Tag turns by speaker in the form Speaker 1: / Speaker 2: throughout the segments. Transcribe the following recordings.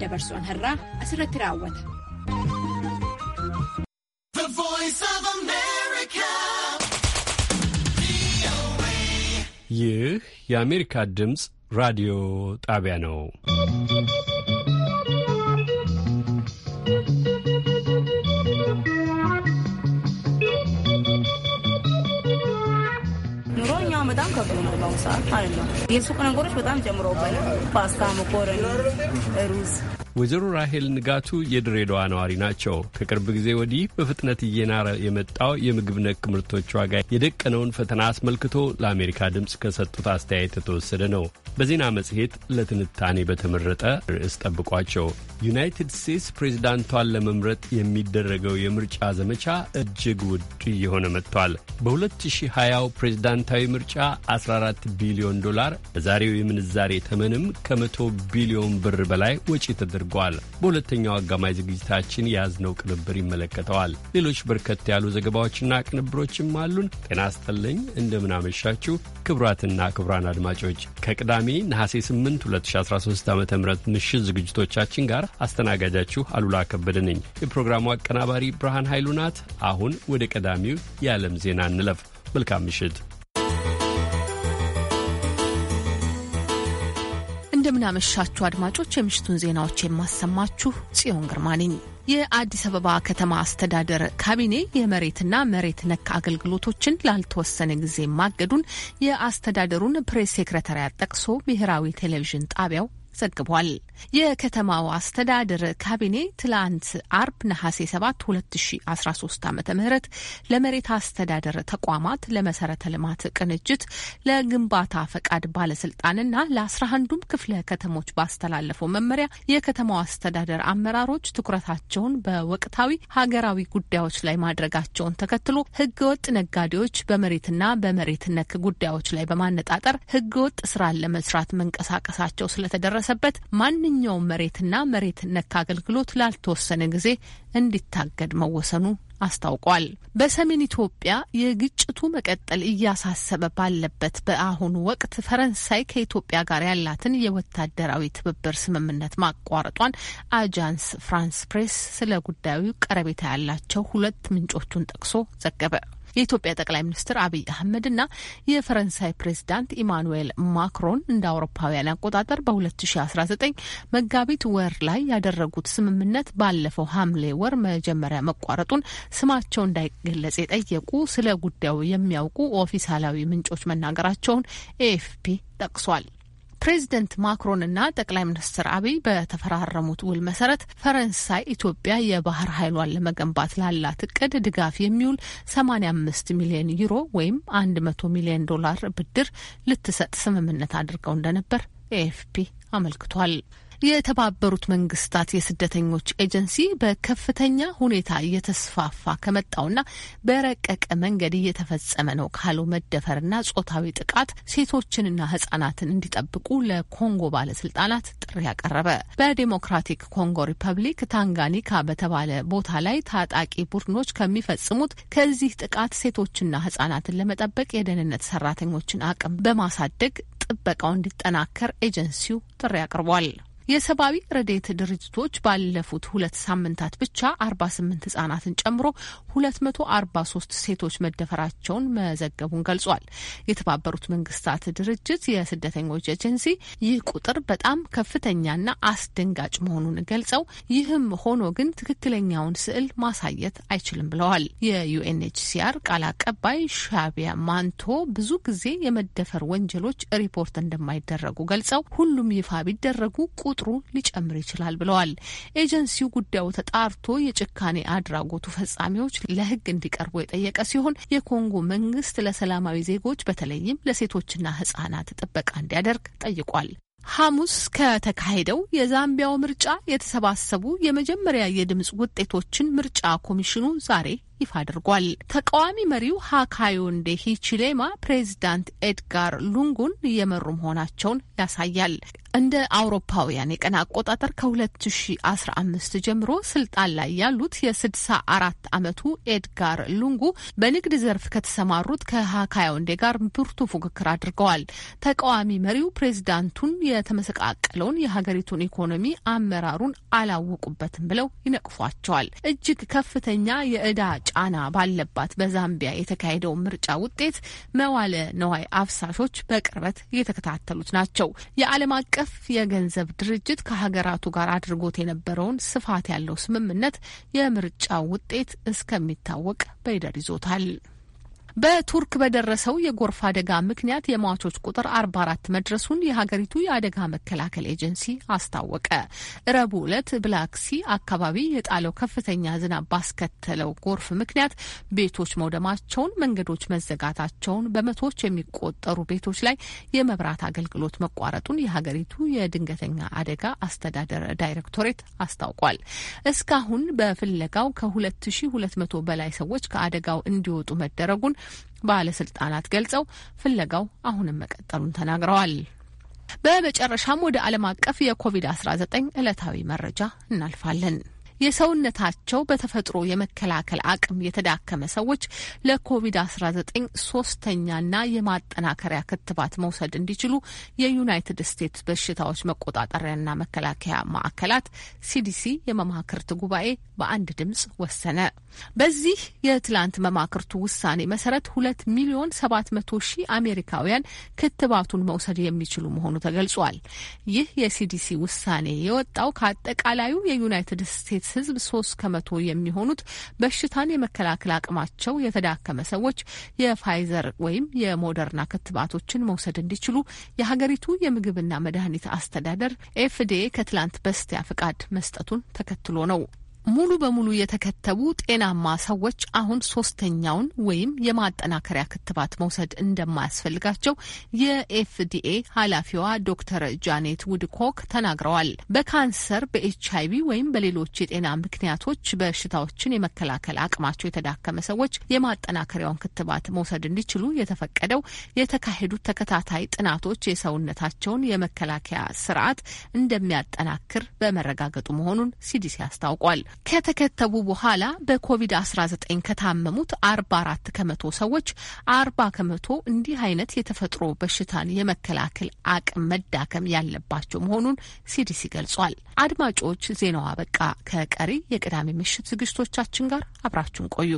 Speaker 1: dabarsuun har'a asirratti raawwata.
Speaker 2: ይህ የአሜሪካ ድምፅ ራዲዮ ጣቢያ ነው።
Speaker 1: ሰዓት ማለት ነው። የሱቅ ነገሮች በጣም ጀምሮ። ፓስታ፣ መኮረኒ፣ ሩዝ
Speaker 2: ወይዘሮ ራሄል ንጋቱ የድሬዳዋ ነዋሪ ናቸው። ከቅርብ ጊዜ ወዲህ በፍጥነት እየናረ የመጣው የምግብ ነክ ምርቶች ዋጋ የደቀነውን ፈተና አስመልክቶ ለአሜሪካ ድምፅ ከሰጡት አስተያየት የተወሰደ ነው። በዜና መጽሔት ለትንታኔ በተመረጠ ርዕስ ጠብቋቸው። ዩናይትድ ስቴትስ ፕሬዚዳንቷን ለመምረጥ የሚደረገው የምርጫ ዘመቻ እጅግ ውድ እየሆነ መጥቷል። በ2020 ፕሬዚዳንታዊ ምርጫ 14 ቢሊዮን ዶላር በዛሬው የምንዛሬ ተመንም ከ ከ100 ቢሊዮን ብር በላይ ወጪ ተደርጓል አድርጓል። በሁለተኛው አጋማሽ ዝግጅታችን የያዝነው ቅንብር ይመለከተዋል። ሌሎች በርከት ያሉ ዘገባዎችና ቅንብሮችም አሉን። ጤና ይስጥልኝ፣ እንደምናመሻችሁ ክቡራትና ክቡራን አድማጮች ከቅዳሜ ነሐሴ 8 2013 ዓ ም ምሽት ዝግጅቶቻችን ጋር አስተናጋጃችሁ አሉላ ከበደ ነኝ። የፕሮግራሙ አቀናባሪ ብርሃን ኃይሉ ናት። አሁን ወደ ቀዳሚው የዓለም ዜና እንለፍ። መልካም ምሽት።
Speaker 3: እንደምናመሻችሁ አድማጮች፣ የምሽቱን ዜናዎች የማሰማችሁ ጽዮን ግርማ ነኝ። የአዲስ አበባ ከተማ አስተዳደር ካቢኔ የመሬትና መሬት ነክ አገልግሎቶችን ላልተወሰነ ጊዜ ማገዱን የአስተዳደሩን ፕሬስ ሴክረታሪያት ጠቅሶ ብሔራዊ ቴሌቪዥን ጣቢያው ዘግቧል። የከተማው አስተዳደር ካቢኔ ትላንት አርብ ነሐሴ 7 2013 ዓ ም ለመሬት አስተዳደር ተቋማት ለመሰረተ ልማት ቅንጅት ለግንባታ ፈቃድ ባለስልጣንና ለአስራ አንዱም ክፍለ ከተሞች ባስተላለፈው መመሪያ የከተማው አስተዳደር አመራሮች ትኩረታቸውን በወቅታዊ ሀገራዊ ጉዳዮች ላይ ማድረጋቸውን ተከትሎ ህገወጥ ነጋዴዎች በመሬትና በመሬት ነክ ጉዳዮች ላይ በማነጣጠር ህገወጥ ስራን ለመስራት መንቀሳቀሳቸው ስለተደረሰበት ማን ማንኛውም መሬትና መሬት ነክ አገልግሎት ላልተወሰነ ጊዜ እንዲታገድ መወሰኑ አስታውቋል። በሰሜን ኢትዮጵያ የግጭቱ መቀጠል እያሳሰበ ባለበት በአሁኑ ወቅት ፈረንሳይ ከኢትዮጵያ ጋር ያላትን የወታደራዊ ትብብር ስምምነት ማቋረጧን አጃንስ ፍራንስ ፕሬስ ስለ ጉዳዩ ቀረቤታ ያላቸው ሁለት ምንጮቹን ጠቅሶ ዘገበ። የኢትዮጵያ ጠቅላይ ሚኒስትር አብይ አህመድና የፈረንሳይ ፕሬዚዳንት ኢማኑኤል ማክሮን እንደ አውሮፓውያን አቆጣጠር በ2019 መጋቢት ወር ላይ ያደረጉት ስምምነት ባለፈው ሐምሌ ወር መጀመሪያ መቋረጡን ስማቸው እንዳይገለጽ የጠየቁ ስለ ጉዳዩ የሚያውቁ ኦፊሳላዊ ምንጮች መናገራቸውን ኤኤፍፒ ጠቅሷል። ፕሬዚደንት ማክሮንና ጠቅላይ ሚኒስትር አብይ በተፈራረሙት ውል መሰረት ፈረንሳይ ኢትዮጵያ የባህር ኃይሏን ለመገንባት ላላት እቅድ ድጋፍ የሚውል 85 ሚሊዮን ዩሮ ወይም 100 ሚሊዮን ዶላር ብድር ልትሰጥ ስምምነት አድርገው እንደነበር ኤኤፍፒ አመልክቷል። የተባበሩት መንግስታት የስደተኞች ኤጀንሲ በከፍተኛ ሁኔታ እየተስፋፋ ከመጣውና በረቀቀ መንገድ እየተፈጸመ ነው ካለው መደፈርና ጾታዊ ጥቃት ሴቶችንና ህጻናትን እንዲጠብቁ ለኮንጎ ባለስልጣናት ጥሪ ያቀረበ። በዴሞክራቲክ ኮንጎ ሪፐብሊክ ታንጋኒካ በተባለ ቦታ ላይ ታጣቂ ቡድኖች ከሚፈጽሙት ከዚህ ጥቃት ሴቶችና ህጻናትን ለመጠበቅ የደህንነት ሰራተኞችን አቅም በማሳደግ ጥበቃው እንዲጠናከር ኤጀንሲው ጥሪ አቅርቧል። የሰብአዊ ረዴት ድርጅቶች ባለፉት ሁለት ሳምንታት ብቻ 48 ህጻናትን ጨምሮ 243 ሴቶች መደፈራቸውን መዘገቡን ገልጿል። የተባበሩት መንግስታት ድርጅት የስደተኞች ኤጀንሲ ይህ ቁጥር በጣም ከፍተኛና አስደንጋጭ መሆኑን ገልጸው ይህም ሆኖ ግን ትክክለኛውን ስዕል ማሳየት አይችልም ብለዋል። የዩኤንኤችሲአር ቃል አቀባይ ሻቢያ ማንቶ ብዙ ጊዜ የመደፈር ወንጀሎች ሪፖርት እንደማይደረጉ ገልጸው ሁሉም ይፋ ቢደረጉ ቁጥሩ ሊጨምር ይችላል ብለዋል። ኤጀንሲው ጉዳዩ ተጣርቶ የጭካኔ አድራጎቱ ፈጻሚዎች ለሕግ እንዲቀርቡ የጠየቀ ሲሆን የኮንጎ መንግስት ለሰላማዊ ዜጎች በተለይም ለሴቶችና ህጻናት ጥበቃ እንዲያደርግ ጠይቋል። ሐሙስ ከተካሄደው የዛምቢያው ምርጫ የተሰባሰቡ የመጀመሪያ የድምፅ ውጤቶችን ምርጫ ኮሚሽኑ ዛሬ ይፋ አድርጓል። ተቃዋሚ መሪው ሀካዮንዴ ሂቺሌማ ፕሬዚዳንት ኤድጋር ሉንጉን እየመሩ መሆናቸውን ያሳያል። እንደ አውሮፓውያን የቀን አቆጣጠር ከ2015 ጀምሮ ስልጣን ላይ ያሉት የ64 ዓመቱ ኤድጋር ሉንጉ በንግድ ዘርፍ ከተሰማሩት ከሃካዮንዴ ጋር ብርቱ ፉክክር አድርገዋል። ተቃዋሚ መሪው ፕሬዚዳንቱን የተመሰቃቀለውን የሀገሪቱን ኢኮኖሚ አመራሩን አላወቁበትም ብለው ይነቅፏቸዋል። እጅግ ከፍተኛ የእዳ ጫና ባለባት በዛምቢያ የተካሄደው ምርጫ ውጤት መዋለ ነዋይ አፍሳሾች በቅርበት እየተከታተሉት ናቸው። የዓለም አቀፍ የገንዘብ ድርጅት ከሀገራቱ ጋር አድርጎት የነበረውን ስፋት ያለው ስምምነት የምርጫው ውጤት እስከሚታወቅ በይደር ይዞታል። በቱርክ በደረሰው የጎርፍ አደጋ ምክንያት የሟቾች ቁጥር 44 መድረሱን የሀገሪቱ የአደጋ መከላከል ኤጀንሲ አስታወቀ። ረቡ ዕለት ብላክሲ አካባቢ የጣለው ከፍተኛ ዝናብ ባስከተለው ጎርፍ ምክንያት ቤቶች መውደማቸውን፣ መንገዶች መዘጋታቸውን፣ በመቶዎች የሚቆጠሩ ቤቶች ላይ የመብራት አገልግሎት መቋረጡን የሀገሪቱ የድንገተኛ አደጋ አስተዳደር ዳይሬክቶሬት አስታውቋል። እስካሁን በፍለጋው ከ2200 በላይ ሰዎች ከአደጋው እንዲወጡ መደረጉን ባለስልጣናት ገልጸው ፍለጋው አሁንም መቀጠሉን ተናግረዋል። በመጨረሻም ወደ ዓለም አቀፍ የኮቪድ-19 ዕለታዊ መረጃ እናልፋለን። የሰውነታቸው በተፈጥሮ የመከላከል አቅም የተዳከመ ሰዎች ለኮቪድ-19 ሶስተኛና የማጠናከሪያ ክትባት መውሰድ እንዲችሉ የዩናይትድ ስቴትስ በሽታዎች መቆጣጠሪያና መከላከያ ማዕከላት ሲዲሲ የመማክርት ጉባኤ በአንድ ድምጽ ወሰነ። በዚህ የትላንት መማክርቱ ውሳኔ መሰረት ሁለት ሚሊዮን ሰባት መቶ ሺህ አሜሪካውያን ክትባቱን መውሰድ የሚችሉ መሆኑ ተገልጿል። ይህ የሲዲሲ ውሳኔ የወጣው ከአጠቃላዩ የዩናይትድ ስቴትስ ስቴትስ ህዝብ ሶስት ከመቶ የሚሆኑት በሽታን የመከላከል አቅማቸው የተዳከመ ሰዎች የፋይዘር ወይም የሞደርና ክትባቶችን መውሰድ እንዲችሉ የሀገሪቱ የምግብና መድኃኒት አስተዳደር ኤፍዲኤ ከትላንት በስቲያ ፍቃድ መስጠቱን ተከትሎ ነው። ሙሉ በሙሉ የተከተቡ ጤናማ ሰዎች አሁን ሶስተኛውን ወይም የማጠናከሪያ ክትባት መውሰድ እንደማያስፈልጋቸው የኤፍዲኤ ኃላፊዋ ዶክተር ጃኔት ውድኮክ ተናግረዋል። በካንሰር በኤች አይቪ ወይም በሌሎች የጤና ምክንያቶች በሽታዎችን የመከላከል አቅማቸው የተዳከመ ሰዎች የማጠናከሪያውን ክትባት መውሰድ እንዲችሉ የተፈቀደው የተካሄዱት ተከታታይ ጥናቶች የሰውነታቸውን የመከላከያ ስርዓት እንደሚያጠናክር በመረጋገጡ መሆኑን ሲዲሲ አስታውቋል። ከተከተቡ በኋላ በኮቪድ-19 ከታመሙት 44 ከመቶ ሰዎች 40 ከመቶ እንዲህ አይነት የተፈጥሮ በሽታን የመከላከል አቅም መዳከም ያለባቸው መሆኑን ሲዲሲ ገልጿል። አድማጮች፣ ዜናዋ በቃ። ከቀሪ የቅዳሜ ምሽት ዝግጅቶቻችን ጋር አብራችሁን ቆዩ።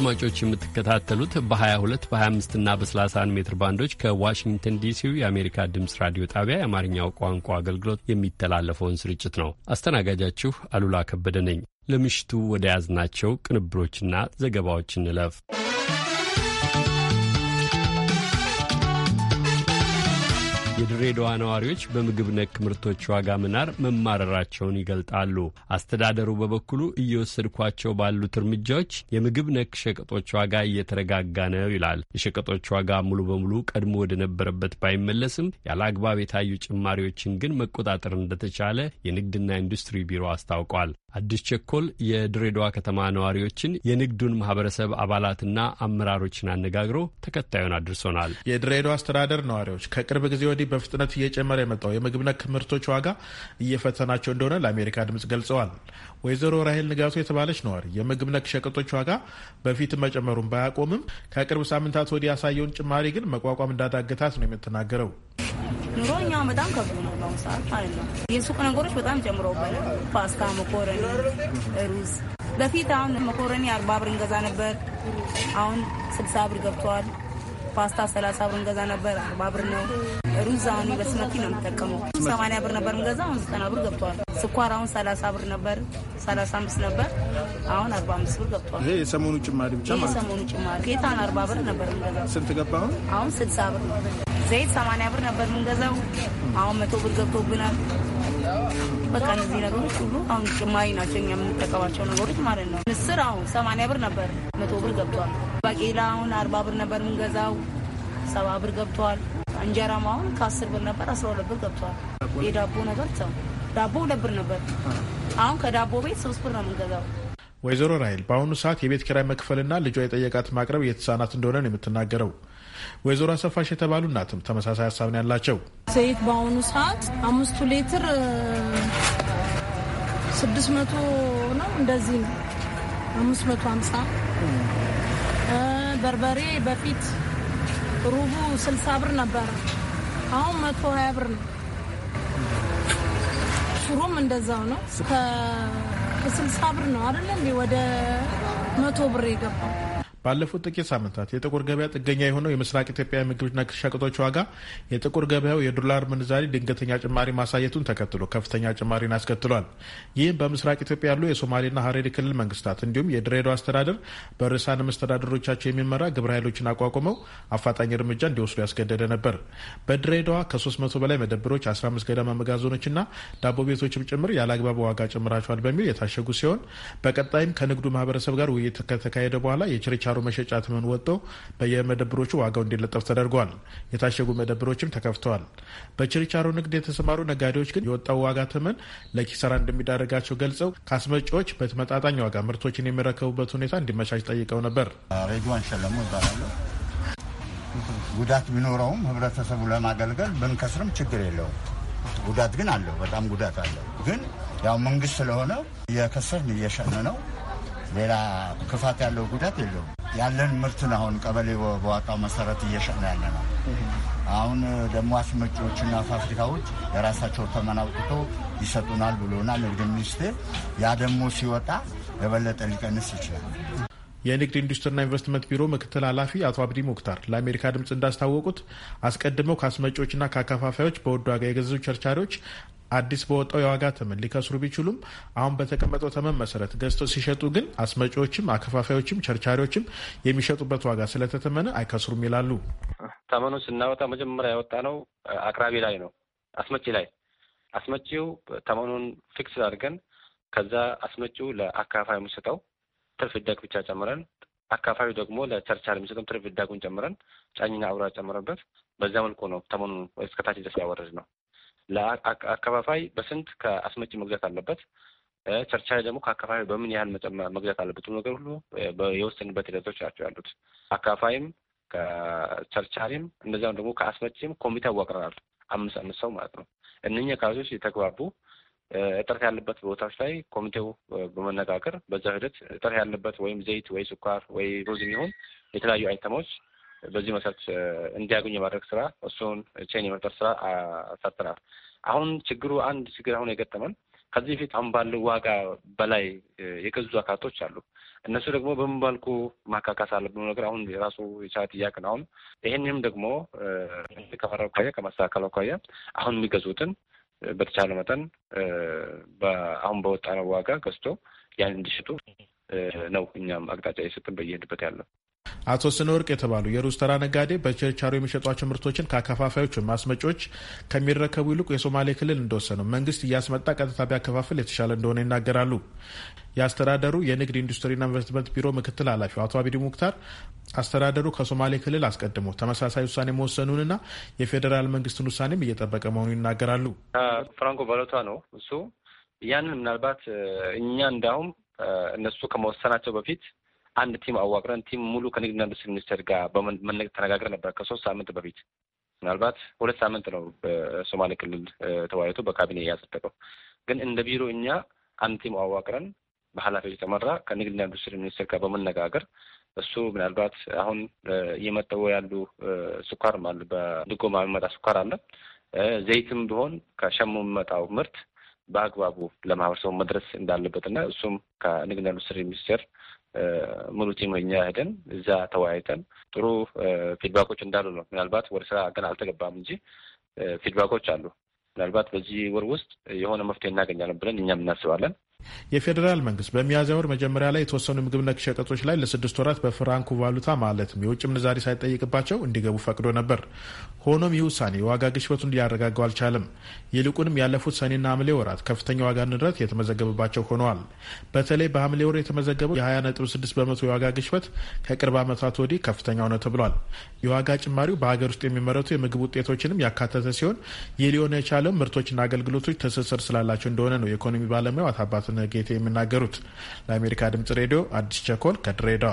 Speaker 2: አድማጮች የምትከታተሉት በ22 በ25 እና በ31 ሜትር ባንዶች ከዋሽንግተን ዲሲው የአሜሪካ ድምፅ ራዲዮ ጣቢያ የአማርኛው ቋንቋ አገልግሎት የሚተላለፈውን ስርጭት ነው። አስተናጋጃችሁ አሉላ ከበደ ነኝ። ለምሽቱ ወደ ያዝናቸው ቅንብሮችና ዘገባዎች እንለፍ። የድሬዳዋ ነዋሪዎች በምግብ ነክ ምርቶች ዋጋ መናር መማረራቸውን ይገልጣሉ። አስተዳደሩ በበኩሉ እየወሰድኳቸው ባሉት እርምጃዎች የምግብ ነክ ሸቀጦች ዋጋ እየተረጋጋ ነው ይላል። የሸቀጦች ዋጋ ሙሉ በሙሉ ቀድሞ ወደ ነበረበት ባይመለስም ያለ አግባብ የታዩ ጭማሪዎችን ግን መቆጣጠር እንደተቻለ የንግድና ኢንዱስትሪ ቢሮ አስታውቋል። አዲስ ቸኮል የድሬዳዋ ከተማ ነዋሪዎችን የንግዱን ማህበረሰብ አባላትና አመራሮችን አነጋግሮ ተከታዩን አድርሶናል።
Speaker 4: የድሬዳዋ አስተዳደር ነዋሪዎች ከቅርብ ጊዜ ወዲህ በፍጥነት እየጨመረ የመጣው የምግብ ነክ ምርቶች ዋጋ እየፈተናቸው እንደሆነ ለአሜሪካ ድምጽ ገልጸዋል። ወይዘሮ ራሄል ንጋቱ የተባለች ነዋሪ የምግብ ነክ ሸቀጦች ዋጋ በፊት መጨመሩን ባያቆምም ከቅርብ ሳምንታት ወዲህ ያሳየውን ጭማሪ ግን መቋቋም እንዳዳገታት ነው የምትናገረው።
Speaker 1: ኑሮ እኛ በጣም ከብዶ ነው። በአሁኑ ሰዓት የሱቅ ነገሮች በጣም ጨምረውበታል። ፓስታ፣ መኮረኒ ሩዝ በፊት አሁን መኮረኒ አርባ ብር እንገዛ ነበር። አሁን ስልሳ ብር ገብተዋል። ፓስታ ሰላሳ ብር እንገዛ ነበር፣ አርባ ብር ነው። ሩዝ አሁን በስመቲ ነው የምጠቀመው። ሰማንያ ብር ነበር እንገዛ፣ አሁን ዘጠና ብር ገብተዋል። ስኳር አሁን ሰላሳ ብር ነበር፣ ሰላሳ አምስት ነበር፣ አሁን አርባ አምስት ብር
Speaker 4: ገብተዋል። ይሄ የሰሞኑ ጭማሪ ብቻ ማለት ነው። የሰሞኑ
Speaker 1: ጭማሪ ጌታን አርባ ብር ነበር እንገዛ፣ ስንት ገባ አሁን? አሁን ስልሳ ብር። ዘይት ሰማንያ ብር ነበር የምንገዛው፣ አሁን መቶ ብር ገብቶብናል። በቃ እነዚህ ነገሮች ሁሉ አሁን ጭማሪ ናቸው እኛ የምንጠቀማቸው ነገሮች ማለት ነው። ምስር አሁን ሰማንያ ብር ነበር፣ መቶ ብር ገብቷል። ባቄላ አሁን አርባ ብር ነበር የምንገዛው፣ ሰባ ብር ገብቷል። እንጀራም አሁን ከአስር ብር ነበር አስራ ሁለት ብር ገብቷል። የዳቦ ነገር ሰው ዳቦ ሁለት ብር ነበር፣ አሁን ከዳቦ ቤት ሶስት ብር ነው የምንገዛው።
Speaker 4: ወይዘሮ ራይል በአሁኑ ሰዓት የቤት ኪራይ መክፈልና ልጇ የጠየቃት ማቅረብ የተሳናት እንደሆነ ነው የምትናገረው። ወይዘሮ አሰፋሽ የተባሉ እናትም ተመሳሳይ ሀሳብን ያላቸው።
Speaker 1: ዘይት በአሁኑ ሰዓት አምስቱ ሌትር ስድስት መቶ ነው እንደዚህ ነው አምስት መቶ ሀምሳ በርበሬ በፊት ሩቡ ስልሳ ብር ነበረ፣ አሁን መቶ ሀያ ብር ነው። ሽሮም እንደዛው ነው። ከስልሳ ብር ነው አይደለም ወደ መቶ ብር የገባው
Speaker 4: ባለፉት ጥቂት ሳምንታት የጥቁር ገበያ ጥገኛ የሆነው የምስራቅ ኢትዮጵያ ምግብና ሸቀጦች ዋጋ የጥቁር ገበያው የዶላር ምንዛሪ ድንገተኛ ጭማሪ ማሳየቱን ተከትሎ ከፍተኛ ጭማሪን አስከትሏል። ይህም በምስራቅ ኢትዮጵያ ያሉ የሶማሌና ሀረሪ ክልል መንግስታት እንዲሁም የድሬዳዋ አስተዳደር በርዕሳነ መስተዳደሮቻቸው የሚመራ ግብረ ኃይሎችን አቋቁመው አፋጣኝ እርምጃ እንዲወስዱ ያስገደደ ነበር። በድሬዳዋ ከ300 በላይ መደብሮች፣ 15 ገደማ መጋዘኖችና ዳቦ ቤቶችም ጭምር ያለአግባብ ዋጋ ጨምራቸዋል በሚል የታሸጉ ሲሆን በቀጣይም ከንግዱ ማህበረሰብ ጋር ውይይት ከተካሄደ በኋላ የችርቻ የችርቻሮ መሸጫ ተመን ወጥቶ በየመደብሮቹ ዋጋው እንዲለጠፍ ተደርጓል። የታሸጉ መደብሮችም ተከፍተዋል። በችርቻሮ ንግድ የተሰማሩ ነጋዴዎች ግን የወጣው ዋጋ ተመን ለኪሳራ እንደሚዳረጋቸው ገልጸው ከአስመጪዎች በተመጣጣኝ ዋጋ ምርቶችን የሚረከቡበት ሁኔታ እንዲመቻች ጠይቀው ነበር።
Speaker 5: ሬድዋን ሸለሙ ይባላሉ።
Speaker 6: ጉዳት ቢኖረውም ህብረተሰቡ ለማገልገል ብንከስርም ችግር የለውም። ጉዳት ግን አለው፣ በጣም ጉዳት አለው። ግን ያው መንግስት ስለሆነ የከሰርን እየሸነ ነው ሌላ ክፋት ያለው ጉዳት የለውም። ያለን ምርትን አሁን ቀበሌ በዋጣው መሰረት እየሸጥን ያለ ነው። አሁን ደግሞ አስመጪዎችና ፋብሪካዎች የራሳቸው ተመን አውጥቶ ይሰጡናል ብሎና ንግድ ሚኒስቴር። ያ ደግሞ ሲወጣ የበለጠ ሊቀንስ ይችላል።
Speaker 4: የንግድ ኢንዱስትሪና ኢንቨስትመንት ቢሮ ምክትል ኃላፊ አቶ አብዲ ሙክታር ለአሜሪካ ድምፅ እንዳስታወቁት አስቀድመው ከአስመጪዎችና ከአከፋፋዮች በውድ ዋጋ የገዙ ቸርቻሪዎች አዲስ በወጣው የዋጋ ተመን ሊከስሩ ቢችሉም አሁን በተቀመጠው ተመን መሰረት ገዝተው ሲሸጡ ግን አስመጪዎችም አከፋፋዮችም ቸርቻሪዎችም የሚሸጡበት ዋጋ ስለተተመነ አይከስሩም ይላሉ።
Speaker 5: ተመኑን ስናወጣ መጀመሪያ ያወጣ ነው አቅራቢ ላይ ነው፣ አስመጪ ላይ አስመጪው ተመኑን ፊክስ አድርገን ከዛ አስመጪው ለአካፋይ የሚሰጠው ትርፍ ዳግ ብቻ ጨምረን አካፋዩ ደግሞ ለቸርቻር የሚሰጠው ትርፍ ዳጉን ጨምረን ጫኝና አውራ ጨምረበት በዛ መልኩ ነው ተመኑን እስከታች ደስ ያወረድ ነው። ለአከፋፋይ በስንት ከአስመጪ መግዛት አለበት፣ ቸርቻሪ ደግሞ ከአከፋፋይ በምን ያህል መግዛት አለበት ነገር ሁሉ የወሰንበት ሂደቶች ናቸው ያሉት። አከፋፋይም ከቸርቻሪም እንደዚያም ደግሞ ከአስመጪም ኮሚቴ አዋቅረናል። አምስት አምስት ሰው ማለት ነው። እነኛ ካዞች የተግባቡ እጥረት ያለበት ቦታዎች ላይ ኮሚቴው በመነጋገር በዛ ሂደት እጥረት ያለበት ወይም ዘይት ወይ ስኳር ወይ ሩዝ የሚሆን የተለያዩ አይተሞች በዚህ መሰረት እንዲያገኙ የማድረግ ስራ እሱን ቼን የመፍጠር ስራ ሰርተናል። አሁን ችግሩ አንድ ችግር አሁን የገጠመን ከዚህ በፊት አሁን ባለው ዋጋ በላይ የገዙ አካቶች አሉ። እነሱ ደግሞ በምንባልኩ ማካካስ አለ ነገር አሁን የራሱ የቻ ጥያቄ ነው። አሁን ይህንም ደግሞ ከመራ አኳያ ከመስተካከል አኳያ አሁን የሚገዙትን በተቻለ መጠን አሁን በወጣነው ዋጋ ገዝቶ ያን እንዲሽጡ ነው እኛም አቅጣጫ የሰጥን በየሄድበት ያለው
Speaker 4: አቶ ስነ ወርቅ የተባሉ የሩዝ ተራ ነጋዴ በችርቻሮ የሚሸጧቸው ምርቶችን ከአከፋፋዮች ወይም አስመጮች ከሚረከቡ ይልቅ የሶማሌ ክልል እንደወሰኑ መንግስት እያስመጣ ቀጥታ ቢያከፋፍል የተሻለ እንደሆነ ይናገራሉ። የአስተዳደሩ የንግድ ኢንዱስትሪና ኢንቨስትመንት ቢሮ ምክትል ኃላፊው አቶ አቢዲ ሙክታር አስተዳደሩ ከሶማሌ ክልል አስቀድሞ ተመሳሳይ ውሳኔ መወሰኑንና የፌዴራል መንግስትን ውሳኔም እየጠበቀ መሆኑን ይናገራሉ።
Speaker 5: ፍራንኮ በለቷ ነው እሱ ያንን ምናልባት እኛ እንዳሁም እነሱ ከመወሰናቸው በፊት አንድ ቲም አዋቅረን ቲም ሙሉ ከንግድና ኢንዱስትሪ ሚኒስቴር ጋር ተነጋግረን ነበር ከሶስት ሳምንት በፊት ምናልባት ሁለት ሳምንት ነው በሶማሌ ክልል ተወያይቶ በካቢኔ ያጸደቀው። ግን እንደ ቢሮ እኛ አንድ ቲም አዋቅረን በኃላፊዎች የተመራ ከንግድና ኢንዱስትሪ ሚኒስቴር ጋር በመነጋገር እሱ ምናልባት አሁን እየመጠው ያሉ ስኳር አለ፣ በድጎማ የሚመጣ ስኳር አለ፣ ዘይትም ቢሆን ከሸሙ የሚመጣው ምርት በአግባቡ ለማህበረሰቡ መድረስ እንዳለበትና እሱም ከንግድና ኢንዱስትሪ ሚኒስቴር ሙሉ ቲም እኛ ሄደን እዛ ተወያይተን ጥሩ ፊድባኮች እንዳሉ ነው። ምናልባት ወደ ስራ ገና አልተገባም እንጂ ፊድባኮች አሉ። ምናልባት በዚህ ወር ውስጥ የሆነ መፍትሄ እናገኛለን ብለን እኛም እናስባለን።
Speaker 4: የፌዴራል መንግስት በሚያዝያ ወር መጀመሪያ ላይ የተወሰኑ ምግብ ነክ ሸቀጦች ላይ ለስድስት ወራት በፍራንኩ ቫሉታ ማለትም የውጭ ምንዛሪ ሳይጠይቅባቸው እንዲገቡ ፈቅዶ ነበር። ሆኖም ይህ ውሳኔ የዋጋ ግሽበቱን ሊያረጋገው አልቻለም። ይልቁንም ያለፉት ሰኔና ሐምሌ ወራት ከፍተኛ ዋጋ ንረት የተመዘገበባቸው ሆነዋል። በተለይ በሐምሌ ወር የተመዘገበው የ 26 በመቶ የዋጋ ግሽበት ከቅርብ ዓመታት ወዲህ ከፍተኛው ነው ተብሏል። የዋጋ ጭማሪው በሀገር ውስጥ የሚመረቱ የምግብ ውጤቶችንም ያካተተ ሲሆን ይህ ሊሆን የቻለው ምርቶችና አገልግሎቶች ትስስር ስላላቸው እንደሆነ ነው የኢኮኖሚ ባለሙያው አታባት ነጌቴ የሚናገሩት። ለአሜሪካ ድምጽ ሬዲዮ አዲስ ቸኮል ከድሬዳዋ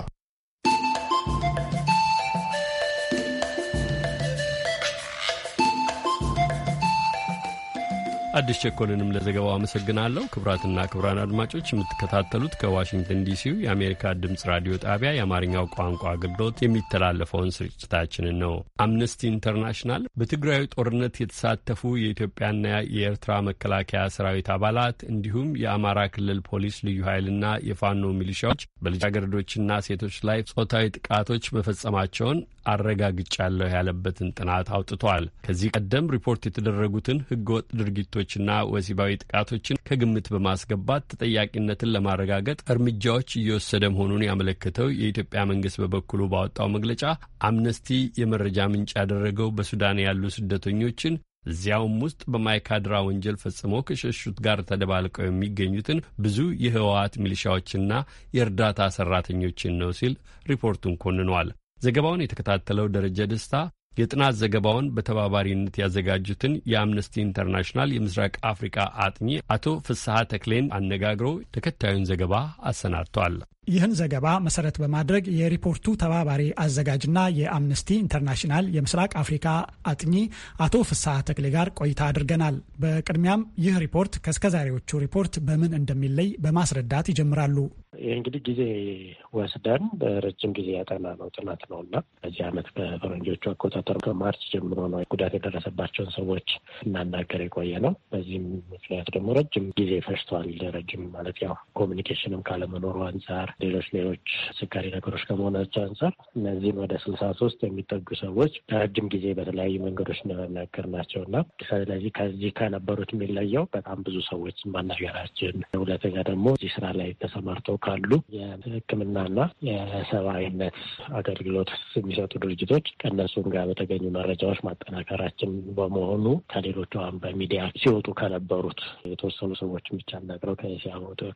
Speaker 2: አዲስ ቸኮልንም ለዘገባው አመሰግናለሁ። ክቡራትና ክቡራን አድማጮች የምትከታተሉት ከዋሽንግተን ዲሲው የአሜሪካ ድምጽ ራዲዮ ጣቢያ የአማርኛው ቋንቋ አገልግሎት የሚተላለፈውን ስርጭታችንን ነው። አምነስቲ ኢንተርናሽናል በትግራዩ ጦርነት የተሳተፉ የኢትዮጵያና የኤርትራ መከላከያ ሰራዊት አባላት እንዲሁም የአማራ ክልል ፖሊስ ልዩ ኃይልና የፋኖ ሚሊሻዎች በልጃገረዶችና ሴቶች ላይ ጾታዊ ጥቃቶች መፈጸማቸውን አረጋግጫለሁ ያለበትን ጥናት አውጥቷል። ከዚህ ቀደም ሪፖርት የተደረጉትን ህገወጥ ድርጊቶች ግድያዎችና ወሲባዊ ጥቃቶችን ከግምት በማስገባት ተጠያቂነትን ለማረጋገጥ እርምጃዎች እየወሰደ መሆኑን ያመለከተው የኢትዮጵያ መንግስት በበኩሉ ባወጣው መግለጫ አምነስቲ የመረጃ ምንጭ ያደረገው በሱዳን ያሉ ስደተኞችን እዚያውም ውስጥ በማይካድራ ወንጀል ፈጽሞ ከሸሹት ጋር ተደባልቀው የሚገኙትን ብዙ የህወሓት ሚሊሻዎችና የእርዳታ ሰራተኞችን ነው ሲል ሪፖርቱን ኮንኗል። ዘገባውን የተከታተለው ደረጀ ደስታ የጥናት ዘገባውን በተባባሪነት ያዘጋጁትን የአምነስቲ ኢንተርናሽናል የምስራቅ አፍሪካ አጥኚ አቶ ፍስሐ ተክሌን አነጋግሮ ተከታዩን ዘገባ አሰናድቷል።
Speaker 7: ይህን ዘገባ መሰረት በማድረግ የሪፖርቱ ተባባሪ አዘጋጅና የአምነስቲ ኢንተርናሽናል የምስራቅ አፍሪካ አጥኚ አቶ ፍስሐ ተክሌ ጋር ቆይታ አድርገናል። በቅድሚያም ይህ ሪፖርት ከእስከዛሬዎቹ ሪፖርት በምን እንደሚለይ በማስረዳት ይጀምራሉ።
Speaker 8: ይህ እንግዲህ ጊዜ ወስደን በረጅም ጊዜ ያጠና ነው ጥናት ነው እና በዚህ ዓመት በፈረንጆቹ አቆጣጠር ከማርች ጀምሮ ነው ጉዳት የደረሰባቸውን ሰዎች እናናገር የቆየ ነው። በዚህም ምክንያት ደግሞ ረጅም ጊዜ ፈጅቷል። ረጅም ማለት ያው ኮሚኒኬሽንም ካለመኖሩ አንጻር ሌሎች ሌሎች አስቸጋሪ ነገሮች ከመሆናቸው አንጻር እነዚህን ወደ ስልሳ ሶስት የሚጠጉ ሰዎች ለረጅም ጊዜ በተለያዩ መንገዶች እንደመናገር ናቸው እና ስለዚህ ከዚህ ከነበሩት የሚለየው በጣም ብዙ ሰዎች ማናገራችን፣ ሁለተኛ ደግሞ እዚህ ስራ ላይ ተሰማርተው ካሉ የሕክምናና የሰብአዊነት አገልግሎት የሚሰጡ ድርጅቶች ከእነሱም ጋር በተገኙ መረጃዎች ማጠናከራችን በመሆኑ ከሌሎቹ አሁን በሚዲያ ሲወጡ ከነበሩት የተወሰኑ ሰዎች ብቻ ነግረው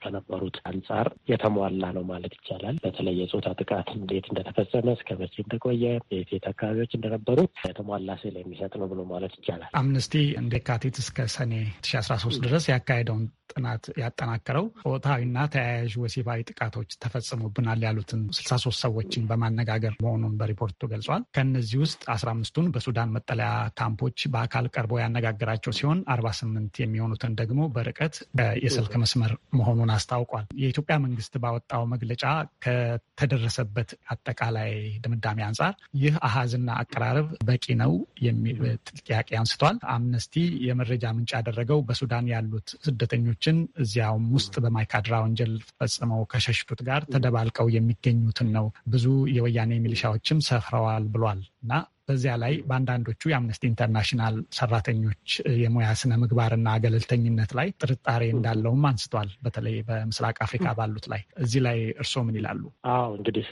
Speaker 8: ከነበሩት አንጻር የተሟላ ነው ማለት ይቻላል። በተለይ የጾታ ጥቃት እንዴት እንደተፈጸመ እስከ መቼ እንደቆየ የሴት አካባቢዎች እንደነበሩ የተሟላ ስዕል የሚሰጥ ነው ብሎ ማለት ይቻላል።
Speaker 7: አምነስቲ እንደ የካቲት እስከ ሰኔ 2013 ድረስ ያካሄደውን ጥናት ያጠናከረው ጾታዊና ተያያዥ ወሲባዊ ጥቃቶች ተፈጽሞብናል ያሉትን 63 ሰዎችን በማነጋገር መሆኑን በሪፖርቱ ገልጿል። ከእነዚህ ውስጥ 15ቱን በሱዳን መጠለያ ካምፖች በአካል ቀርቦ ያነጋገራቸው ሲሆን 48 የሚሆኑትን ደግሞ በርቀት የስልክ መስመር መሆኑን አስታውቋል። የኢትዮጵያ መንግስት ባወጣው መግለጫ ከተደረሰበት አጠቃላይ ድምዳሜ አንጻር ይህ አሃዝና አቀራረብ በቂ ነው የሚል ጥያቄ አንስቷል። አምነስቲ የመረጃ ምንጭ ያደረገው በሱዳን ያሉት ስደተኞች ወንጀለኞችን እዚያውም ውስጥ በማይካድራ ወንጀል ፈጽመው ከሸሽቱት ጋር ተደባልቀው የሚገኙትን ነው። ብዙ የወያኔ ሚሊሻዎችም ሰፍረዋል ብሏል እና በዚያ ላይ በአንዳንዶቹ የአምነስቲ ኢንተርናሽናል ሰራተኞች የሙያ ስነ ምግባርና ገለልተኝነት ላይ ጥርጣሬ እንዳለውም አንስቷል። በተለይ በምስራቅ አፍሪካ ባሉት ላይ እዚህ ላይ እርስዎ ምን ይላሉ?
Speaker 8: አዎ እንግዲህ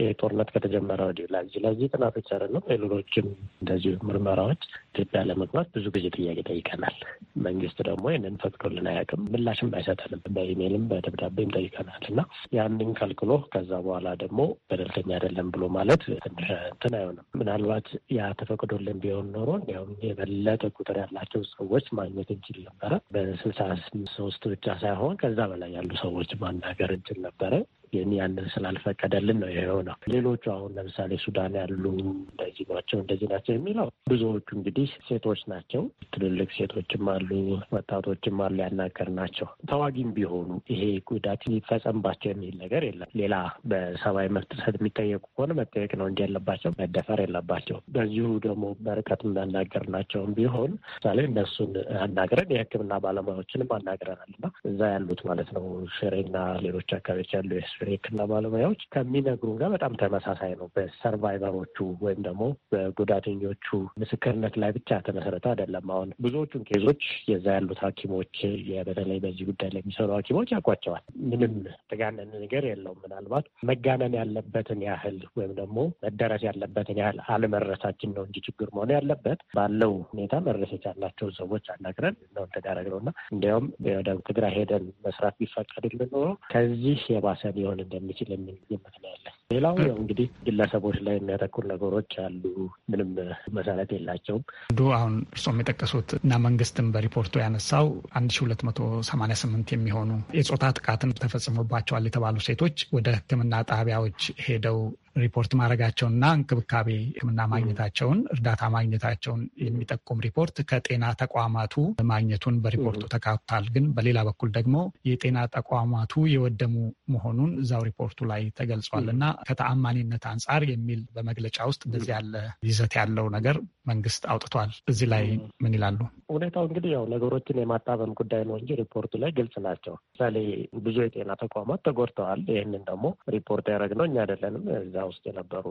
Speaker 8: ይህ ጦርነት ከተጀመረ ወዲህ ለዚህ ለዚህ ጥናቶች ነው ሌሎችም እንደዚሁ ምርመራዎች ኢትዮጵያ ለመግባት ብዙ ጊዜ ጥያቄ ጠይቀናል። መንግስት ደግሞ ይህንን ፈቅዶልን አያውቅም፣ ምላሽም አይሰጠንም። በኢሜይልም በደብዳቤም ጠይቀናል እና ያንን ከልክሎ ከዛ በኋላ ደግሞ ገለልተኛ አይደለም ብሎ ማለት ትንሽ እንትን አይሆንም ምናል ምናልባት ያ ተፈቅዶልን ቢሆን ኖሮ እንዲያውም የበለጠ ቁጥር ያላቸው ሰዎች ማግኘት እንችል ነበረ። በስልሳ ሶስት ብቻ ሳይሆን ከዛ በላይ ያሉ ሰዎች ማናገር እንችል ነበረ። ግን ያንን ስላልፈቀደልን ነው የሆነው። ሌሎቹ አሁን ለምሳሌ ሱዳን ያሉ እንደዚህ ናቸው እንደዚህ ናቸው የሚለው ብዙዎቹ እንግዲህ ሴቶች ናቸው። ትልልቅ ሴቶችም አሉ፣ ወጣቶችም አሉ ያናገር ናቸው። ተዋጊም ቢሆኑ ይሄ ጉዳት ሊፈጸምባቸው የሚል ነገር የለም። ሌላ በሰብአዊ መብት ጥሰት የሚጠየቁ ከሆነ መጠየቅ ነው እንጂ መደፈር የለባቸው። በዚሁ ደግሞ በርቀት እንዳናገር ናቸውም ቢሆን ምሳሌ እነሱን አናግረን የህክምና ባለሙያዎችንም አናግረናል እና እዛ ያሉት ማለት ነው ሽሬና ሌሎች አካባቢዎች ያሉ የኢንዱስትሪ ሕክምና ባለሙያዎች ከሚነግሩን ጋር በጣም ተመሳሳይ ነው። በሰርቫይቨሮቹ ወይም ደግሞ በጉዳተኞቹ ምስክርነት ላይ ብቻ ተመሰረተ አይደለም። አሁን ብዙዎቹን ኬዞች የዛ ያሉት ሐኪሞች በተለይ በዚህ ጉዳይ ላይ የሚሰሩ ሐኪሞች ያውቋቸዋል። ምንም ተጋነን ነገር የለውም። ምናልባት መጋነን ያለበትን ያህል ወይም ደግሞ መደረስ ያለበትን ያህል አለመረሳችን ነው እንጂ ችግር መሆን ያለበት ባለው ሁኔታ መድረስ የቻላቸው ሰዎች አናግረን ነው ተዳረግ ነው እና እንዲያውም ወደ ትግራይ ሄደን መስራት ቢፈቀድ ልኖረው ከዚህ የባሰ ሊሆን ሊሆን እንደሚችል የሚል ነው ያለን። ሌላው ያው እንግዲህ ግለሰቦች ላይ የሚያተኩር ነገሮች አሉ። ምንም መሰረት የላቸውም።
Speaker 7: አንዱ አሁን እርሶም የጠቀሱት እና መንግስትም በሪፖርቱ ያነሳው 1288 የሚሆኑ የጾታ ጥቃትን ተፈጽሞባቸዋል የተባሉ ሴቶች ወደ ሕክምና ጣቢያዎች ሄደው ሪፖርት ማድረጋቸውንና እንክብካቤ ህክምና ማግኘታቸውን እርዳታ ማግኘታቸውን የሚጠቁም ሪፖርት ከጤና ተቋማቱ ማግኘቱን በሪፖርቱ ተካቷል። ግን በሌላ በኩል ደግሞ የጤና ተቋማቱ የወደሙ መሆኑን እዛው ሪፖርቱ ላይ ተገልጿል እና ከተአማኒነት አንጻር የሚል በመግለጫ ውስጥ እንደዚህ ያለ ይዘት ያለው ነገር መንግስት አውጥቷል። እዚህ ላይ ምን ይላሉ?
Speaker 8: ሁኔታው እንግዲህ ያው ነገሮችን የማጣበም ጉዳይ ነው እንጂ ሪፖርቱ ላይ ግልጽ ናቸው። ምሳሌ ብዙ የጤና ተቋማት ተጎድተዋል። ይህንን ደግሞ ሪፖርት ያደረግነው እኛ አይደለንም። እዛ ውስጥ የነበሩ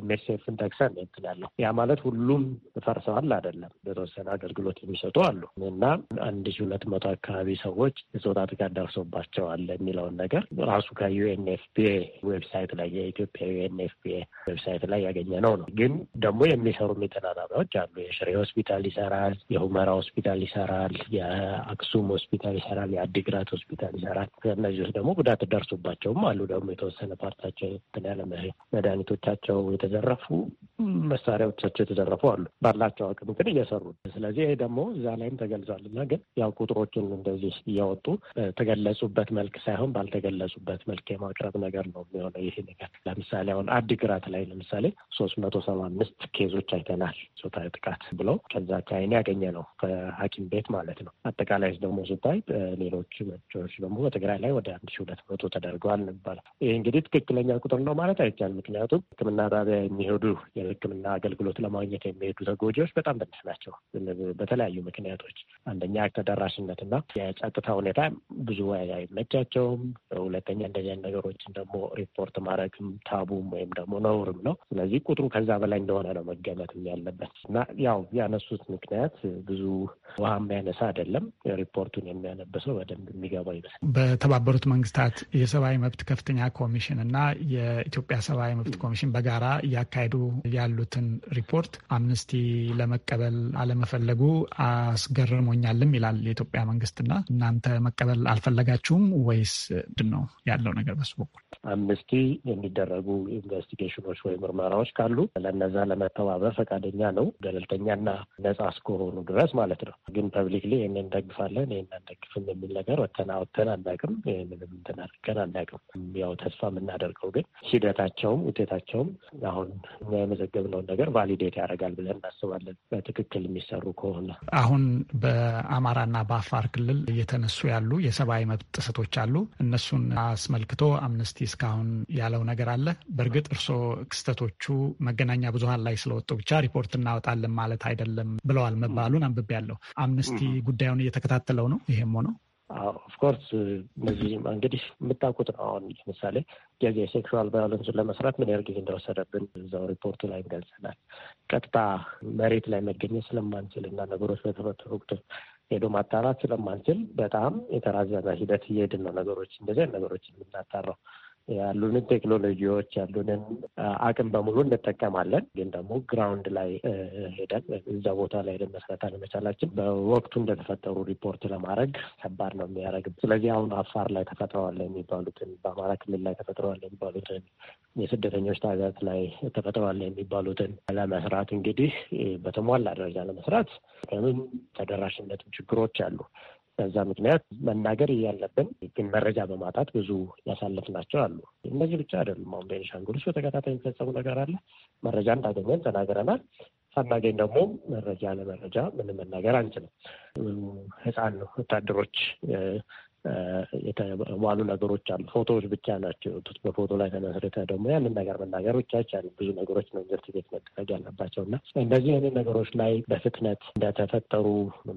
Speaker 8: ኤምኤስኤፍን ጠቅሰን እንትን ያለው ያ ማለት ሁሉም ፈርሰዋል አይደለም። በተወሰነ አገልግሎት የሚሰጡ አሉ እና አንድ ሺ ሁለት መቶ አካባቢ ሰዎች የጾታ ጥቃት ደርሶባቸዋል የሚለውን ነገር ራሱ ከዩኤንኤፍፒኤ ዌብሳይት ላይ የኢትዮጵያ ኤንኤፍፒኤ ዌብሳይት ላይ ያገኘ ነው። ግን ደግሞ የሚሰሩ የጤና ጣቢያዎች አሉ። የሽሬ ሆስፒታል ይሰራል፣ የሁመራ ሆስፒታል ይሰራል፣ የአክሱም ሆስፒታል ይሰራል፣ የአዲግራት ሆስፒታል ይሰራል። እነዚህ ውስጥ ደግሞ ጉዳት ደርሶባቸውም አሉ። ደግሞ የተወሰነ ፓርታቸው ያለ መድኃኒቶቻቸው የተዘረፉ መሳሪያዎቻቸው የተዘረፉ አሉ። ባላቸው አቅም ግን እየሰሩ ስለዚህ ይሄ ደግሞ እዛ ላይም ተገልጿል እና ግን ያው ቁጥሮችን እንደዚህ እያወጡ በተገለጹበት መልክ ሳይሆን ባልተገለጹበት መልክ የማቅረብ ነገር ነው የሚሆነው። ይሄ ነገር ለምሳሌ አሁን አዲግራት ላይ ለምሳሌ ሶስት መቶ ሰባ አምስት ኬዞች አይተናል ጾታዊ ጥቃት ብሎ ከዛ ከአይኔ ያገኘ ነው ከሐኪም ቤት ማለት ነው። አጠቃላይ ደግሞ ስታይ ሌሎች መጮች ደግሞ በትግራይ ላይ ወደ አንድ ሺ ሁለት መቶ ተደርገዋል ይባላል። ይህ እንግዲህ ትክክለኛ ቁጥር ነው ማለት አይቻልም። ምክንያቱም ሕክምና ጣቢያ የሚሄዱ የህክምና አገልግሎት ለማግኘት የሚሄዱ ተጎጂዎች በጣም ትንሽ ናቸው። በተለያዩ ምክንያቶች አንደኛ ተደራሽነትና የጸጥታ ሁኔታ ብዙ አይመቻቸውም። ሁለተኛ እንደዚህ ነገሮችን ደግሞ ሪፖርት ማድረግም ታቡም ወይም ደግሞ ነውርም ነው። ስለዚህ ቁጥሩ ከዛ በላይ እንደሆነ ነው መገመትም ያለበት እና ያው ያነሱት ምክንያት ብዙ ውሃ የሚያነሳ አይደለም። ሪፖርቱን የሚያነበሰው በደንብ የሚገባው ይመስል
Speaker 7: በተባበሩት መንግስታት የሰብአዊ መብት ከፍተኛ ኮሚሽን እና የኢትዮጵያ ሰብአዊ መብት ኮሚሽን በጋራ እያካሄዱ ያሉትን ሪፖርት አምነስቲ ለመቀበል አለመፈለጉ አስገርሞኛልም ይላል የኢትዮጵያ መንግስትና፣ እናንተ መቀበል አልፈለጋችሁም ወይስ ምንድን ነው ያለው ነገር በሱ በኩል?
Speaker 8: አምነስቲ የሚደረጉ ኢንቨስቲጌሽኖች ወይ ምርመራዎች ካሉ ለነዛ ለመተባበር ፈቃደኛ ነው ገለልተኛና ነጻ እስከሆኑ ድረስ ማለት ነው። ግን ፐብሊክሊ ይህን እንደግፋለን ይህን አንደግፍም የሚል ነገር ወተና ወተን አናቅም። ይህንንም እንትን አድርገን ያው ተስፋ የምናደርገው ግን ሂደታቸውም ውጤታቸውም አሁን እኛ የዘገብነውን ነገር ቫሊዴት ያደርጋል ብለን እናስባለን፣ በትክክል የሚሰሩ ከሆነ።
Speaker 7: አሁን በአማራና በአፋር ክልል እየተነሱ ያሉ የሰብአዊ መብት ጥሰቶች አሉ። እነሱን አስመልክቶ አምነስቲ እስካሁን ያለው ነገር አለ። በእርግጥ እርስዎ ክስተቶቹ መገናኛ ብዙሀን ላይ ስለወጡ ብቻ ሪፖርት እናወጣለን ማለት አይደለም ብለዋል መባሉን ያለው አምነስቲ ጉዳዩን እየተከታተለው ነው። ይሄም ሆነው
Speaker 8: ኦፍኮርስ በዚህ እንግዲህ የምታውቁት ነው። አሁን ለምሳሌ የዚህ የሴክሹዋል ቫዮለንሱን ለመስራት ምን ያህል ጊዜ እንደወሰደብን እዛው ሪፖርቱ ላይ ገልጸናል። ቀጥታ መሬት ላይ መገኘት ስለማንችል እና ነገሮች በተፈቱ ወቅት ሄዶ ማጣራት ስለማንችል በጣም የተራዘመ ሂደት እየሄድን ነው ነገሮች እንደዚህ ነገሮች የምናጣራው ያሉንን ቴክኖሎጂዎች ያሉንን አቅም በሙሉ እንጠቀማለን። ግን ደግሞ ግራውንድ ላይ ሄደን እዛ ቦታ ላይ ሄደን መስራት አለመቻላችን በወቅቱ እንደተፈጠሩ ሪፖርት ለማድረግ ከባድ ነው የሚያደርግ። ስለዚህ አሁን አፋር ላይ ተፈጥረዋል የሚባሉትን በአማራ ክልል ላይ ተፈጥረዋል የሚባሉትን የስደተኞች ታጋት ላይ ተፈጥረዋል የሚባሉትን ለመስራት እንግዲህ በተሟላ ደረጃ ለመስራት ምንም ተደራሽነትም ችግሮች አሉ። በዛ ምክንያት መናገር ያለብን ግን መረጃ በማጣት ብዙ ያሳለፍናቸው አሉ። እነዚህ ብቻ አይደሉም። አሁን ቤኒሻንጉል ውስጥ በተከታታይ የሚፈጸሙ ነገር አለ። መረጃ እንዳገኘን ተናግረናል። ሳናገኝ ደግሞ መረጃ ለመረጃ ምንም መናገር አንችልም። ህፃን ወታደሮች የተባሉ ነገሮች አሉ። ፎቶዎች ብቻ ናቸው የወጡት። በፎቶ ላይ ተመስርተ ደግሞ ያንን ነገር መናገር ብቻ ይቻል። ብዙ ነገሮች ነው ኢንቨስቲጌት መደረግ ያለባቸው እና እንደዚህ አይነት ነገሮች ላይ በፍጥነት እንደተፈጠሩ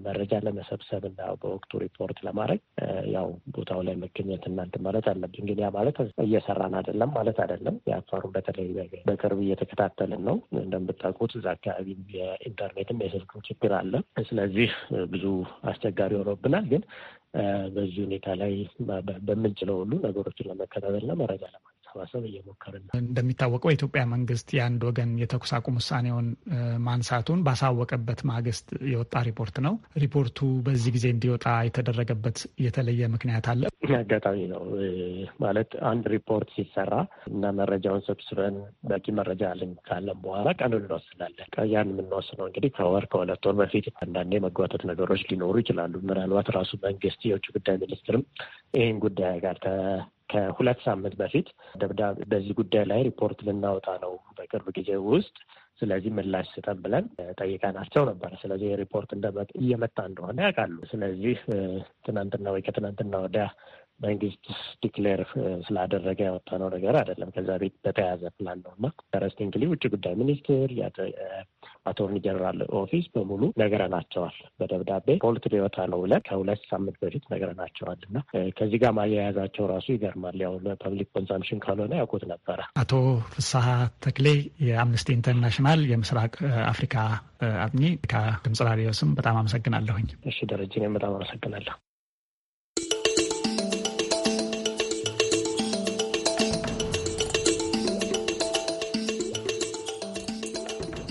Speaker 8: መረጃ ለመሰብሰብ እና በወቅቱ ሪፖርት ለማድረግ ያው ቦታው ላይ መገኘት እናንት ማለት አለብን። ግን ያ ማለት እየሰራን አይደለም ማለት አይደለም። የአፋሩን በተለይ በቅርብ እየተከታተልን ነው። እንደምታውቁት እዛ አካባቢ የኢንተርኔትም የስልክም ችግር አለ። ስለዚህ ብዙ አስቸጋሪ ሆኖብናል ግን በዚህ ሁኔታ ላይ በምንችለው ሁሉ ነገሮችን ለመከታተልና መረጃ ለማለት ለማሰባሰብ እየሞከርን
Speaker 7: ነው። እንደሚታወቀው የኢትዮጵያ መንግስት የአንድ ወገን የተኩስ አቁም ውሳኔውን ማንሳቱን ባሳወቀበት ማግስት የወጣ ሪፖርት ነው። ሪፖርቱ በዚህ ጊዜ እንዲወጣ የተደረገበት የተለየ ምክንያት አለ?
Speaker 8: አጋጣሚ ነው ማለት አንድ ሪፖርት ሲሰራ እና መረጃውን ሰብስበን በቂ መረጃ አለን ካለን በኋላ ቀኑን እንወስናለን። ያን የምንወስነው እንግዲህ ከወር ከሁለት ወር በፊት አንዳንዴ መጓተት ነገሮች ሊኖሩ ይችላሉ። ምናልባት ራሱ መንግስት የውጭ ጉዳይ ሚኒስትርም ይህን ጉዳይ ጋር ከሁለት ሳምንት በፊት ደብዳቤ በዚህ ጉዳይ ላይ ሪፖርት ልናወጣ ነው በቅርብ ጊዜ ውስጥ ስለዚህ ምላሽ ስጠን ብለን ጠይቀናቸው ነበር። ስለዚህ ሪፖርት እየመጣ እንደሆነ ያውቃሉ። ስለዚህ ትናንትና ወይ ከትናንትና ወዲያ መንግስት ዲክሌር ስላደረገ ያወጣ ነው ነገር አይደለም። ከዛ ቤት በተያያዘ ፕላን ነው እና ኢንተረስቲንግሊ ውጭ ጉዳይ ሚኒስትር፣ አቶርኒ ጀነራል ኦፊስ በሙሉ ነግረናቸዋል በደብዳቤ ፖልት ሊወጣ ነው ብለን ከሁለት ሳምንት በፊት ነግረናቸዋል እና ከዚህ ጋር ማያያዛቸው ራሱ ይገርማል። ያው ለፐብሊክ ኮንሳምሽን ካልሆነ ያውቁት ነበረ።
Speaker 7: አቶ ፍስሀ ተክሌ የአምነስቲ ኢንተርናሽናል የምስራቅ አፍሪካ አጥኚ፣ ከድምጽ ራዲዮ ስም በጣም አመሰግናለሁኝ። እሺ ደረጀ፣ እኔም በጣም አመሰግናለሁ።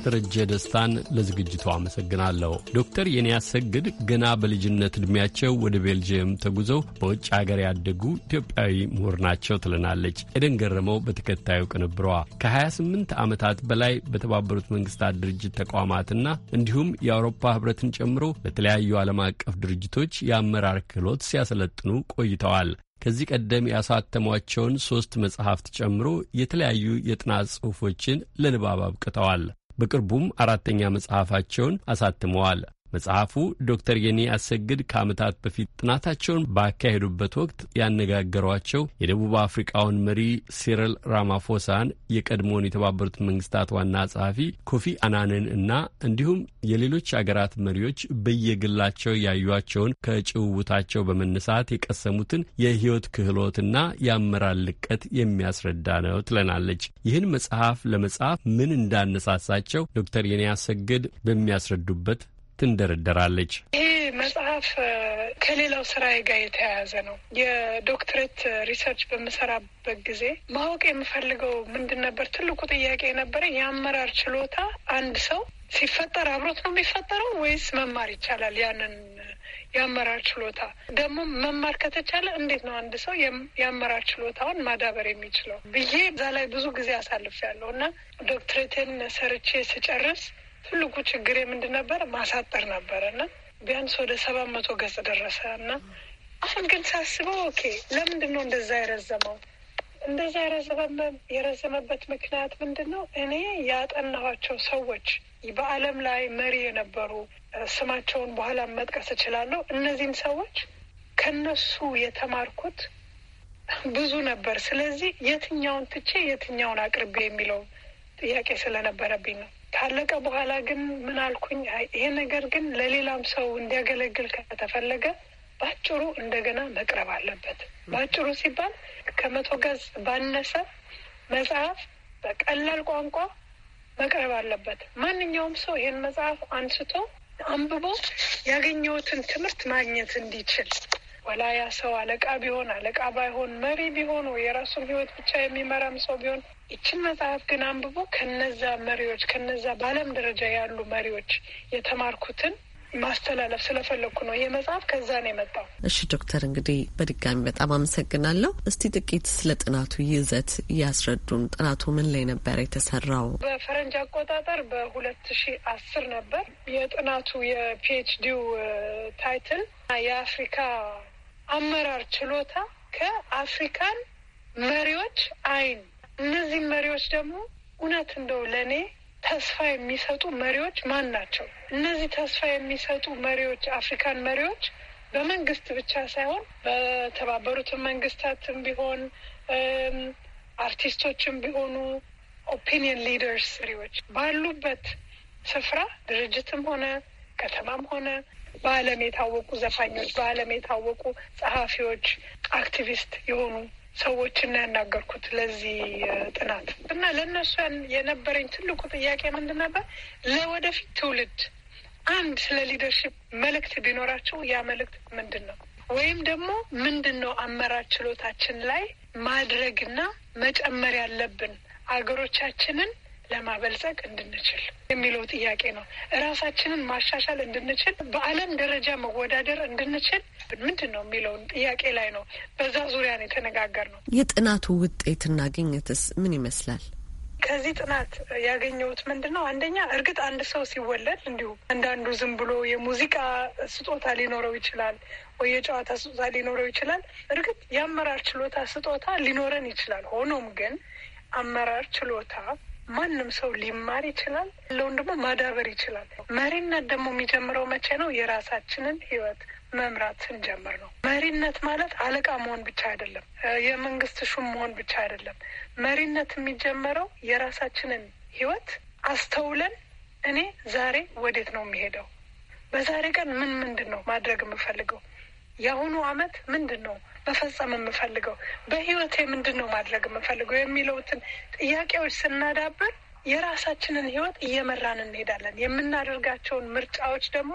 Speaker 2: ደረጀ ደስታን ለዝግጅቱ አመሰግናለሁ። ዶክተር የንያስ ሰግድ ገና በልጅነት ዕድሜያቸው ወደ ቤልጅየም ተጉዘው በውጭ አገር ያደጉ ኢትዮጵያዊ ምሁር ናቸው ትለናለች ኤደን ገረመው በተከታዩ ቅንብሯ። ከ28 ዓመታት በላይ በተባበሩት መንግስታት ድርጅት ተቋማትና እንዲሁም የአውሮፓ ህብረትን ጨምሮ ለተለያዩ ዓለም አቀፍ ድርጅቶች የአመራር ክህሎት ሲያሰለጥኑ ቆይተዋል። ከዚህ ቀደም ያሳተሟቸውን ሶስት መጽሐፍት ጨምሮ የተለያዩ የጥናት ጽሑፎችን ለንባብ አብቅተዋል። በቅርቡም አራተኛ መጽሐፋቸውን አሳትመዋል። መጽሐፉ ዶክተር የኒ አሰግድ ከዓመታት በፊት ጥናታቸውን ባካሄዱበት ወቅት ያነጋገሯቸው የደቡብ አፍሪቃውን መሪ ሲረል ራማፎሳን የቀድሞውን የተባበሩት መንግስታት ዋና ጸሐፊ ኮፊ አናንን እና እንዲሁም የሌሎች አገራት መሪዎች በየግላቸው ያዩቸውን ከጭውውታቸው በመነሳት የቀሰሙትን የህይወት ክህሎትና የአመራር ልቀት የሚያስረዳ ነው ትለናለች። ይህን መጽሐፍ ለመጻፍ ምን እንዳነሳሳቸው ዶክተር የኒ አሰግድ በሚያስረዱበት ትንደረደራለች።
Speaker 9: ይህ መጽሐፍ ከሌላው ስራዬ ጋር የተያያዘ ነው። የዶክትሬት ሪሰርች በምሰራበት ጊዜ ማወቅ የምፈልገው ምንድን ነበር? ትልቁ ጥያቄ የነበረ የአመራር ችሎታ አንድ ሰው ሲፈጠር አብሮት ነው የሚፈጠረው ወይስ መማር ይቻላል? ያንን የአመራር ችሎታ ደግሞ መማር ከተቻለ እንዴት ነው አንድ ሰው የአመራር ችሎታውን ማዳበር የሚችለው ብዬ እዛ ላይ ብዙ ጊዜ አሳልፍ ያለው እና ዶክትሬትን ሰርቼ ስጨርስ ትልቁ ችግር ምንድን ነበረ? ማሳጠር ነበረ እና ቢያንስ ወደ ሰባት መቶ ገጽ ደረሰ እና አሁን ግን ሳስበው ኦኬ፣ ለምንድን ነው እንደዛ የረዘመው? እንደዛ የረዘመበት ምክንያት ምንድን ነው? እኔ ያጠናኋቸው ሰዎች በዓለም ላይ መሪ የነበሩ ስማቸውን በኋላ መጥቀስ እችላለሁ። እነዚህን ሰዎች ከነሱ የተማርኩት ብዙ ነበር። ስለዚህ የትኛውን ትቼ የትኛውን አቅርቤ የሚለው ጥያቄ ስለነበረብኝ ነው። ካለቀ በኋላ ግን ምን አልኩኝ፣ ይሄ ነገር ግን ለሌላም ሰው እንዲያገለግል ከተፈለገ ባጭሩ እንደገና መቅረብ አለበት። ባጭሩ ሲባል ከመቶ ገጽ ባነሰ መጽሐፍ በቀላል ቋንቋ መቅረብ አለበት። ማንኛውም ሰው ይህን መጽሐፍ አንስቶ አንብቦ ያገኘሁትን ትምህርት ማግኘት እንዲችል ወላያ ሰው አለቃ ቢሆን አለቃ ባይሆን፣ መሪ ቢሆን ወይ የራሱን ህይወት ብቻ የሚመራም ሰው ቢሆን ይችን መጽሐፍ ግን አንብቦ ከነዛ መሪዎች ከነዛ በዓለም ደረጃ ያሉ መሪዎች የተማርኩትን ማስተላለፍ ስለፈለግኩ ነው። ይህ መጽሐፍ ከዛ ነው የመጣው።
Speaker 10: እሺ ዶክተር፣ እንግዲህ በድጋሚ በጣም አመሰግናለሁ። እስቲ ጥቂት ስለ ጥናቱ ይዘት እያስረዱን። ጥናቱ ምን ላይ ነበር የተሰራው?
Speaker 9: በፈረንጅ አቆጣጠር በሁለት ሺ አስር ነበር የጥናቱ የፒኤችዲው ታይትል የአፍሪካ አመራር ችሎታ ከአፍሪካን መሪዎች አይን እነዚህም መሪዎች ደግሞ እውነት እንደው ለእኔ ተስፋ የሚሰጡ መሪዎች ማን ናቸው? እነዚህ ተስፋ የሚሰጡ መሪዎች አፍሪካን መሪዎች በመንግስት ብቻ ሳይሆን በተባበሩትን መንግስታትም ቢሆን አርቲስቶችም ቢሆኑ ኦፒኒየን ሊደርስ መሪዎች ባሉበት ስፍራ ድርጅትም ሆነ ከተማም ሆነ በዓለም የታወቁ ዘፋኞች፣ በዓለም የታወቁ ጸሐፊዎች፣ አክቲቪስት የሆኑ ሰዎችን ያናገርኩት ለዚህ ጥናት እና ለእነሱ የነበረኝ ትልቁ ጥያቄ ምንድን ነበር? ለወደፊት ትውልድ አንድ ስለ ሊደርሽፕ መልእክት ቢኖራቸው ያ መልእክት ምንድን ነው? ወይም ደግሞ ምንድን ነው አመራር ችሎታችን ላይ ማድረግና መጨመር ያለብን አገሮቻችንን ለማበልጸግ እንድንችል የሚለው ጥያቄ ነው። እራሳችንን ማሻሻል እንድንችል በዓለም ደረጃ መወዳደር እንድንችል ምንድን ነው የሚለውን ጥያቄ ላይ ነው። በዛ ዙሪያ ነው የተነጋገር ነው።
Speaker 10: የጥናቱ ውጤትና ግኝትስ ምን ይመስላል?
Speaker 9: ከዚህ ጥናት ያገኘሁት ምንድን ነው? አንደኛ እርግጥ አንድ ሰው ሲወለድ እንዲሁ አንዳንዱ ዝም ብሎ የሙዚቃ ስጦታ ሊኖረው ይችላል ወይ የጨዋታ ስጦታ ሊኖረው ይችላል። እርግጥ የአመራር ችሎታ ስጦታ ሊኖረን ይችላል። ሆኖም ግን አመራር ችሎታ ማንም ሰው ሊማር ይችላል፣ ያለውን ደግሞ ማዳበር ይችላል። መሪነት ደግሞ የሚጀምረው መቼ ነው? የራሳችንን ህይወት መምራት ስንጀምር ነው። መሪነት ማለት አለቃ መሆን ብቻ አይደለም፣ የመንግስት ሹም መሆን ብቻ አይደለም። መሪነት የሚጀመረው የራሳችንን ህይወት አስተውለን እኔ ዛሬ ወዴት ነው የሚሄደው? በዛሬ ቀን ምን ምንድን ነው ማድረግ የምፈልገው የአሁኑ አመት ምንድን ነው መፈጸም የምፈልገው በህይወቴ ምንድን ነው ማድረግ የምፈልገው የሚለውትን ጥያቄዎች ስናዳብር የራሳችንን ህይወት እየመራን እንሄዳለን። የምናደርጋቸውን ምርጫዎች ደግሞ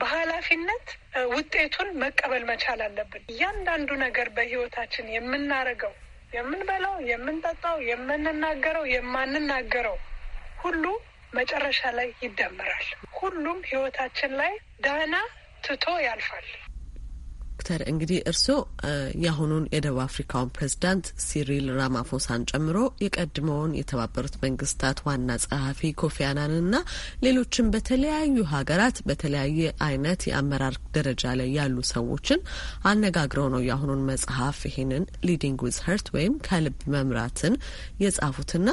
Speaker 9: በኃላፊነት ውጤቱን መቀበል መቻል አለብን። እያንዳንዱ ነገር በህይወታችን የምናደርገው የምንበላው፣ የምንጠጣው፣ የምንናገረው፣ የማንናገረው ሁሉ መጨረሻ ላይ ይደመራል። ሁሉም ህይወታችን ላይ ዳና ትቶ ያልፋል።
Speaker 10: ዶክተር እንግዲህ እርስዎ የአሁኑን የደቡብ አፍሪካውን ፕሬዚዳንት ሲሪል ራማፎሳን ጨምሮ የቀድሞውን የተባበሩት መንግስታት ዋና ጸሐፊ ኮፊ አናንና ሌሎችን በተለያዩ ሀገራት በተለያየ አይነት የአመራር ደረጃ ላይ ያሉ ሰዎችን አነጋግረው ነው የአሁኑን መጽሐፍ ይህንን ሊዲንግ ዊዝ ሀርት ወይም ከልብ መምራትን የጻፉትና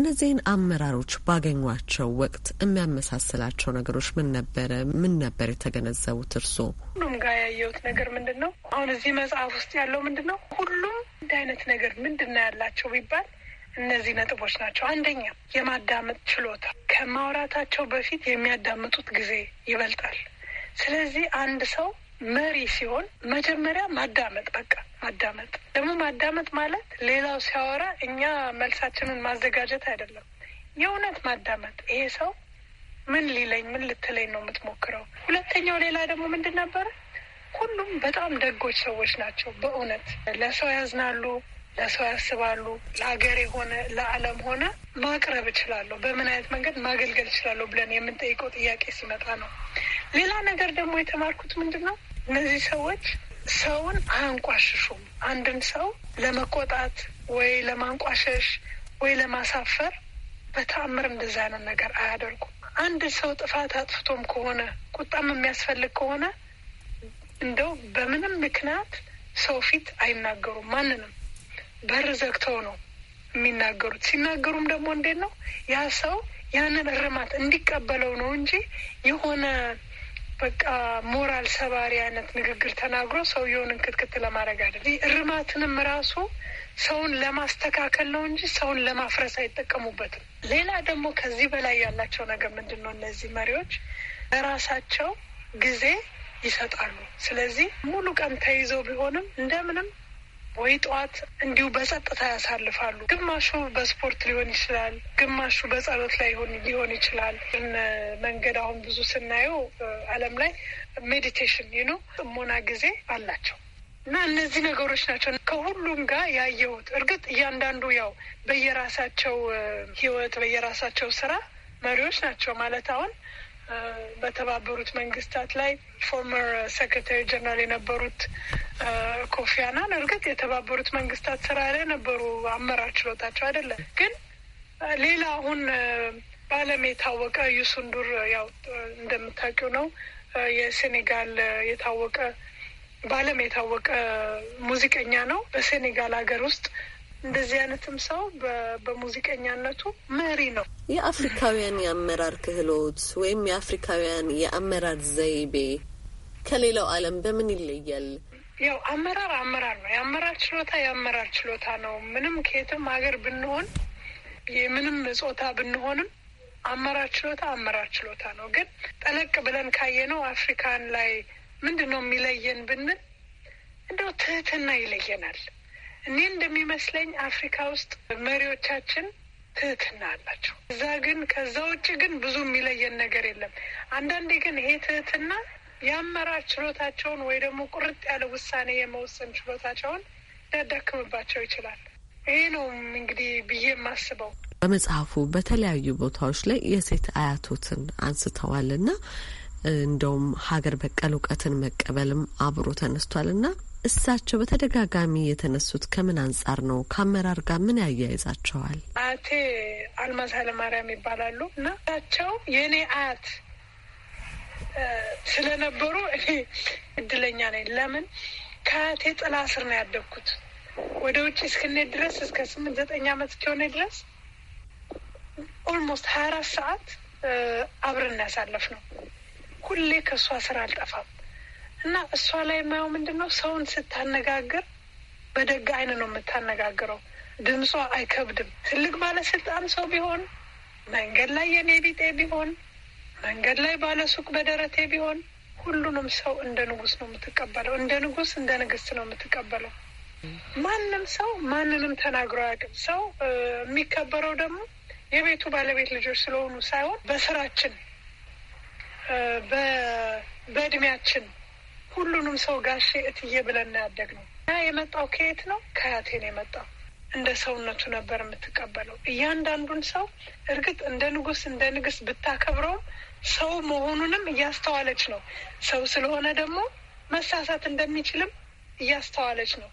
Speaker 10: እነዚህን አመራሮች ባገኟቸው ወቅት የሚያመሳስላቸው ነገሮች ምን ነበረ? ምን ነበር የተገነዘቡት እርስዎ?
Speaker 9: ሁሉም ጋር ያየሁት ነገር ምንድን ነው? አሁን እዚህ መጽሐፍ ውስጥ ያለው ምንድን ነው? ሁሉም እንደ አይነት ነገር ምንድን ነው ያላቸው ቢባል እነዚህ ነጥቦች ናቸው። አንደኛ የማዳመጥ ችሎታ፣ ከማውራታቸው በፊት የሚያዳምጡት ጊዜ ይበልጣል። ስለዚህ አንድ ሰው መሪ ሲሆን መጀመሪያ ማዳመጥ በቃ ማዳመጥ። ደግሞ ማዳመጥ ማለት ሌላው ሲያወራ እኛ መልሳችንን ማዘጋጀት አይደለም፣ የእውነት ማዳመጥ። ይሄ ሰው ምን ሊለኝ ምን ልትለኝ ነው የምትሞክረው? ሁለተኛው ሌላ ደግሞ ምንድን ነበረ? ሁሉም በጣም ደጎች ሰዎች ናቸው። በእውነት ለሰው ያዝናሉ፣ ለሰው ያስባሉ። ለሀገር የሆነ ለዓለም ሆነ ማቅረብ እችላለሁ፣ በምን አይነት መንገድ ማገልገል እችላለሁ ብለን የምንጠይቀው ጥያቄ ሲመጣ ነው። ሌላ ነገር ደግሞ የተማርኩት ምንድን ነው እነዚህ ሰዎች ሰውን አያንቋሽሹም። አንድን ሰው ለመቆጣት ወይ ለማንቋሸሽ ወይ ለማሳፈር በተአምር እንደዛ አይነት ነገር አያደርጉም። አንድ ሰው ጥፋት አጥፍቶም ከሆነ ቁጣም የሚያስፈልግ ከሆነ እንደው በምንም ምክንያት ሰው ፊት አይናገሩም። ማንንም በር ዘግተው ነው የሚናገሩት። ሲናገሩም ደግሞ እንዴት ነው ያ ሰው ያንን እርማት እንዲቀበለው ነው እንጂ የሆነ በቃ ሞራል ሰባሪ አይነት ንግግር ተናግሮ ሰውየውን እንክትክት ለማድረግ አይደለም። እርማትንም ራሱ ሰውን ለማስተካከል ነው እንጂ ሰውን ለማፍረስ አይጠቀሙበትም። ሌላ ደግሞ ከዚህ በላይ ያላቸው ነገር ምንድን ነው? እነዚህ መሪዎች ለራሳቸው ጊዜ ይሰጣሉ። ስለዚህ ሙሉ ቀን ተይዘው ቢሆንም እንደምንም ወይ ጠዋት እንዲሁ በጸጥታ ያሳልፋሉ። ግማሹ በስፖርት ሊሆን ይችላል፣ ግማሹ በጸሎት ላይ ሊሆን ይችላል። መንገድ አሁን ብዙ ስናየው ዓለም ላይ ሜዲቴሽን ይኑ ጥሞና ጊዜ አላቸው። እና እነዚህ ነገሮች ናቸው ከሁሉም ጋር ያየሁት። እርግጥ እያንዳንዱ ያው በየራሳቸው ህይወት በየራሳቸው ስራ መሪዎች ናቸው ማለት አሁን በተባበሩት መንግስታት ላይ ፎርመር ሴክሬታሪ ጀነራል የነበሩት ኮፊ አናን እርግጥ የተባበሩት መንግስታት ስራ ላይ ነበሩ፣ አመራር ችሎታቸው አይደለም። ግን ሌላ አሁን በዓለም የታወቀ ዩሱንዱር ያው እንደምታውቂው ነው የሴኔጋል የታወቀ በዓለም የታወቀ ሙዚቀኛ ነው። በሴኔጋል ሀገር ውስጥ እንደዚህ አይነትም ሰው በሙዚቀኛነቱ
Speaker 10: መሪ ነው። የአፍሪካውያን የአመራር ክህሎት ወይም የአፍሪካውያን የአመራር ዘይቤ ከሌላው ዓለም በምን ይለያል?
Speaker 9: ያው አመራር አመራር ነው። የአመራር ችሎታ የአመራር ችሎታ ነው። ምንም ከየትም ሀገር ብንሆን የምንም ጾታ ብንሆንም አመራር ችሎታ አመራር ችሎታ ነው። ግን ጠለቅ ብለን ካየነው አፍሪካን ላይ ምንድን ነው የሚለየን ብንል እንደው ትህትና ይለየናል። እኔ እንደሚመስለኝ አፍሪካ ውስጥ መሪዎቻችን ትህትና አላቸው። እዛ ግን ከዛ ውጭ ግን ብዙ የሚለየን ነገር የለም። አንዳንዴ ግን ይሄ ትህትና የአመራር ችሎታቸውን ወይ ደግሞ ቁርጥ ያለ ውሳኔ የመወሰን ችሎታቸውን ሊያዳክምባቸው ይችላል። ይሄ ነው እንግዲህ ብዬ የማስበው።
Speaker 10: በመጽሐፉ በተለያዩ ቦታዎች ላይ የሴት አያቶትን አንስተዋል እና። እንደውም ሀገር በቀል እውቀትን መቀበልም አብሮ ተነስቷል እና እሳቸው በተደጋጋሚ የተነሱት ከምን አንጻር ነው? ከአመራር ጋር ምን ያያይዛቸዋል?
Speaker 9: አያቴ አልማዝ ኃይለማርያም ይባላሉ እና እሳቸው የእኔ አያት ስለነበሩ እኔ እድለኛ ነኝ። ለምን ከአያቴ ጥላ ስር ነው ያደግኩት። ወደ ውጭ እስክኔ ድረስ እስከ ስምንት ዘጠኝ ዓመት እስኪሆነ ድረስ ኦልሞስት ሀያ አራት ሰዓት አብረን ያሳለፍ ነው ሁሌ ከእሷ ስራ አልጠፋም እና እሷ ላይ የማየው ምንድን ነው ሰውን ስታነጋግር በደግ አይን ነው የምታነጋግረው። ድምጿ አይከብድም። ትልቅ ባለስልጣን ሰው ቢሆን መንገድ ላይ የኔ ቢጤ ቢሆን መንገድ ላይ ባለሱቅ በደረቴ ቢሆን ሁሉንም ሰው እንደ ንጉስ ነው የምትቀበለው። እንደ ንጉስ እንደ ንግስት ነው የምትቀበለው። ማንም ሰው ማንንም ተናግሮ አያውቅም። ሰው የሚከበረው ደግሞ የቤቱ ባለቤት ልጆች ስለሆኑ ሳይሆን በስራችን በእድሜያችን ሁሉንም ሰው ጋሼ እትዬ ብለን ያደግ ነው ያ የመጣው ከየት ነው? ከአያቴ የመጣው። እንደ ሰውነቱ ነበር የምትቀበለው እያንዳንዱን ሰው። እርግጥ እንደ ንጉስ እንደ ንግስ ብታከብረውም ሰው መሆኑንም እያስተዋለች ነው። ሰው ስለሆነ ደግሞ መሳሳት እንደሚችልም እያስተዋለች ነው።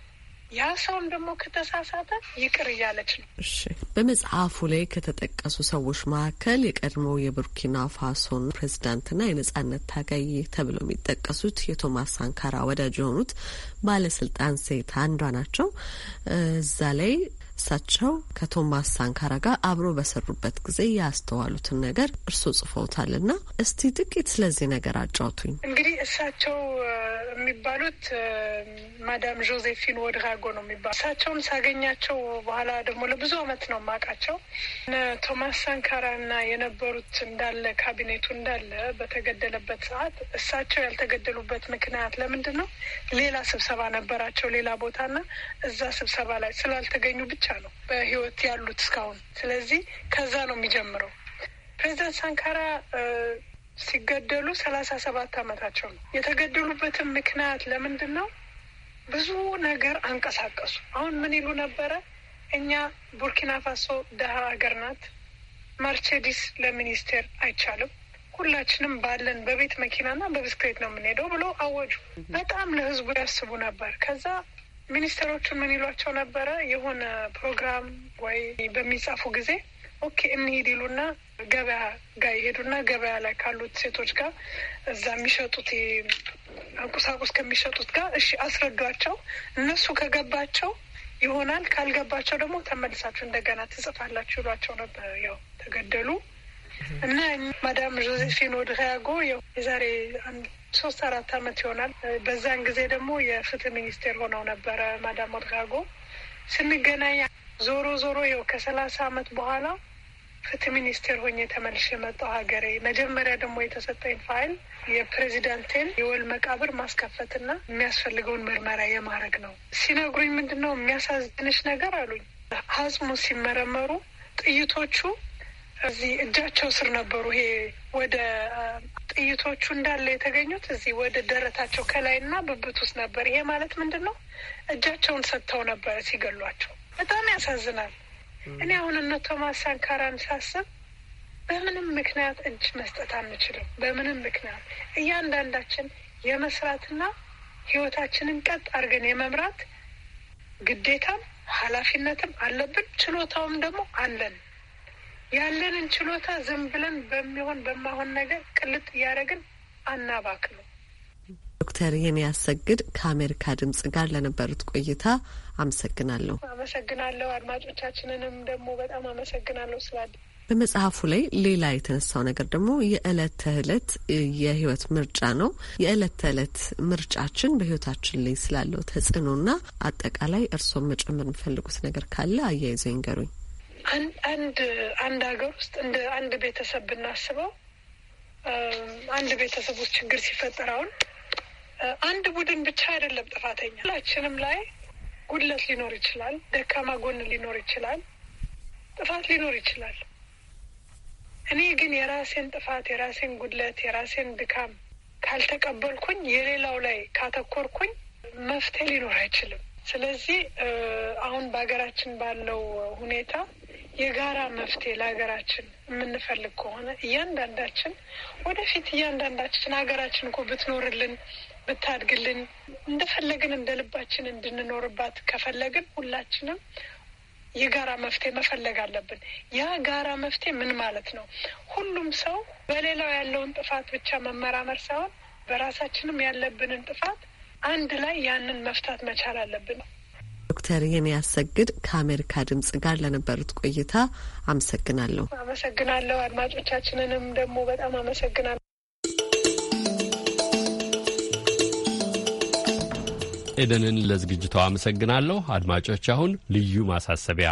Speaker 9: ያ ሰውም ደግሞ ከተሳሳተ ይቅር እያለች
Speaker 10: ነው። እሺ በመጽሐፉ ላይ ከተጠቀሱ ሰዎች መካከል የቀድሞ የቡርኪና ፋሶን ፕሬዚዳንትና የነጻነት ታጋይ ተብለው የሚጠቀሱት የቶማስ ሳንካራ ወዳጅ የሆኑት ባለስልጣን ሴት አንዷ ናቸው። እዛ ላይ እሳቸው ከቶማስ ሳንካራ ጋር አብሮ በሰሩበት ጊዜ ያስተዋሉትን ነገር እርሶ ጽፈውታል እና እስቲ ጥቂት ስለዚህ ነገር አጫውቱኝ።
Speaker 9: እንግዲህ እሳቸው የሚባሉት ማዳም ጆዜፊን ወድሃጎ ነው የሚባሉ እሳቸውም ሳገኛቸው በኋላ ደግሞ ለብዙ አመት ነው ማቃቸው። ቶማስ ሳንካራ እና የነበሩት እንዳለ ካቢኔቱ እንዳለ በተገደለበት ሰዓት እሳቸው ያልተገደሉበት ምክንያት ለምንድን ነው? ሌላ ስብሰባ ነበራቸው ሌላ ቦታ ና እዛ ስብሰባ ላይ ስላልተገኙ ብቻ ነው በህይወት ያሉት እስካሁን። ስለዚህ ከዛ ነው የሚጀምረው። ፕሬዚደንት ሳንካራ ሲገደሉ ሰላሳ ሰባት አመታቸው ነው። የተገደሉበትን ምክንያት ለምንድን ነው? ብዙ ነገር አንቀሳቀሱ። አሁን ምን ይሉ ነበረ? እኛ ቡርኪና ፋሶ ደሀ ሀገር ናት። መርቼዲስ ለሚኒስቴር አይቻልም። ሁላችንም ባለን በቤት መኪናና በብስክሌት ነው የምንሄደው ብሎ አወጁ። በጣም ለህዝቡ ያስቡ ነበር። ከዛ ሚኒስትሮቹ ምን ይሏቸው ነበረ? የሆነ ፕሮግራም ወይ በሚጻፉ ጊዜ ኦኬ እንሂድ ይሉና ገበያ ጋር ይሄዱና ገበያ ላይ ካሉት ሴቶች ጋር እዛ የሚሸጡት ቁሳቁስ ከሚሸጡት ጋር እሺ አስረዷቸው። እነሱ ከገባቸው ይሆናል፣ ካልገባቸው ደግሞ ተመልሳችሁ እንደገና ትጽፋላችሁ ይሏቸው ነበር። ያው ተገደሉ። እና ማዳም ዦዜፊን ወድሃያጎ የዛሬ ሶስት አራት አመት ይሆናል። በዛን ጊዜ ደግሞ የፍትህ ሚኒስቴር ሆነው ነበረ ማዳም ወድሃጎ ስንገናኝ ዞሮ ዞሮ ይኸው ከሰላሳ አመት በኋላ ፍትህ ሚኒስቴር ሆኜ ተመልሼ የመጣው ሀገሬ። መጀመሪያ ደግሞ የተሰጠኝ ፋይል የፕሬዚዳንቴን የወል መቃብር ማስከፈትና የሚያስፈልገውን ምርመራ የማድረግ ነው። ሲነግሩኝ ምንድን ነው የሚያሳዝንሽ ነገር አሉኝ። አጽሙ ሲመረመሩ ጥይቶቹ እዚህ እጃቸው ስር ነበሩ። ይሄ ወደ ጥይቶቹ እንዳለ የተገኙት እዚህ ወደ ደረታቸው ከላይ እና ብብት ውስጥ ነበር። ይሄ ማለት ምንድን ነው? እጃቸውን ሰጥተው ነበረ ሲገሏቸው። በጣም ያሳዝናል። እኔ አሁን እነ ቶማስ ሳንካራን ሳስብ በምንም ምክንያት እጅ መስጠት አንችልም። በምንም ምክንያት እያንዳንዳችን የመስራትና ህይወታችንን ቀጥ አድርገን የመምራት ግዴታም ኃላፊነትም አለብን። ችሎታውም ደግሞ አለን። ያለንን ችሎታ ዝም ብለን በሚሆን በማሆን ነገር ቅልጥ እያደረግን አናባክ ነው።
Speaker 10: ዶክተር ያሰግድ ከአሜሪካ ድምጽ ጋር ለነበሩት ቆይታ አመሰግናለሁ።
Speaker 9: አመሰግናለሁ። አድማጮቻችንንም ደግሞ በጣም አመሰግናለሁ ስላለ
Speaker 10: በመጽሐፉ ላይ ሌላ የተነሳው ነገር ደግሞ የእለት ተእለት የህይወት ምርጫ ነው። የእለት ተዕለት ምርጫችን በህይወታችን ላይ ስላለው ተጽዕኖና አጠቃላይ እርስዎም መጨመር የሚፈልጉት ነገር ካለ አያይዘው ይንገሩኝ።
Speaker 9: አንድ አንድ ሀገር ውስጥ እንደ አንድ ቤተሰብ ብናስበው አንድ ቤተሰብ ውስጥ ችግር ሲፈጠር አሁን አንድ ቡድን ብቻ አይደለም ጥፋተኛ። ሁላችንም ላይ ጉድለት ሊኖር ይችላል፣ ደካማ ጎን ሊኖር ይችላል፣ ጥፋት ሊኖር ይችላል። እኔ ግን የራሴን ጥፋት፣ የራሴን ጉድለት፣ የራሴን ድካም ካልተቀበልኩኝ የሌላው ላይ ካተኮርኩኝ መፍትሄ ሊኖር አይችልም። ስለዚህ አሁን በሀገራችን ባለው ሁኔታ የጋራ መፍትሄ ለሀገራችን የምንፈልግ ከሆነ እያንዳንዳችን ወደፊት እያንዳንዳችን ሀገራችን እኮ ብትኖርልን ብታድግልን እንደፈለግን እንደ ልባችን እንድንኖርባት ከፈለግን ሁላችንም የጋራ መፍትሄ መፈለግ አለብን። ያ ጋራ መፍትሄ ምን ማለት ነው? ሁሉም ሰው በሌላው ያለውን ጥፋት ብቻ መመራመር ሳይሆን በራሳችንም ያለብንን ጥፋት አንድ ላይ ያንን መፍታት መቻል አለብን።
Speaker 10: ዶክተር የኔያስ ሰግድ ከአሜሪካ ድምጽ ጋር ለነበሩት ቆይታ አመሰግናለሁ።
Speaker 9: አመሰግናለሁ። አድማጮቻችንንም ደግሞ በጣም አመሰግናለሁ።
Speaker 2: ኤደንን ለዝግጅቷ አመሰግናለሁ። አድማጮች አሁን ልዩ ማሳሰቢያ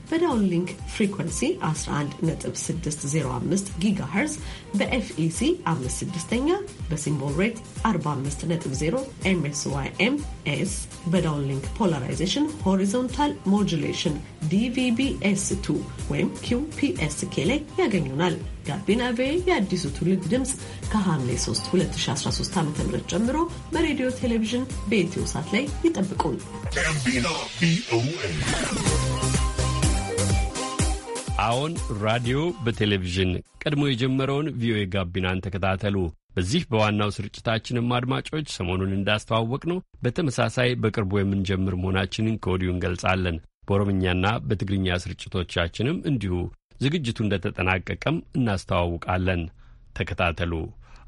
Speaker 10: በዳውን ሊንክ ፍሪኩንሲ 11605 ጊጋሄርዝ በኤፍኢሲ 56ኛ በሲምቦል ሬት 450 በዳውን ሊንክ ፖላራይዜሽን ሆሪዞንታል ሞጁሌሽን ዲቪቢኤስ2 ወይም ኪውፒኤስኬ ላይ ያገኙናል። ጋቢና ቬ የአዲሱ ትውልድ ድምፅ ከሐምሌ 3 2013 ዓ ም ጀምሮ በሬዲዮ ቴሌቪዥን በኢትዮ ሳት ላይ ይጠብቁን።
Speaker 2: አዎን፣ ራዲዮ በቴሌቪዥን ቀድሞ የጀመረውን ቪኦኤ ጋቢናን ተከታተሉ። በዚህ በዋናው ስርጭታችንም አድማጮች ሰሞኑን እንዳስተዋወቅ ነው በተመሳሳይ በቅርቡ የምንጀምር መሆናችንን ከወዲሁ እንገልጻለን። በኦሮምኛና በትግርኛ ስርጭቶቻችንም እንዲሁ ዝግጅቱ እንደተጠናቀቀም እናስተዋውቃለን። ተከታተሉ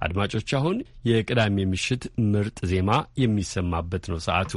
Speaker 2: አድማጮች። አሁን የቅዳሜ ምሽት ምርጥ ዜማ የሚሰማበት ነው ሰዓቱ።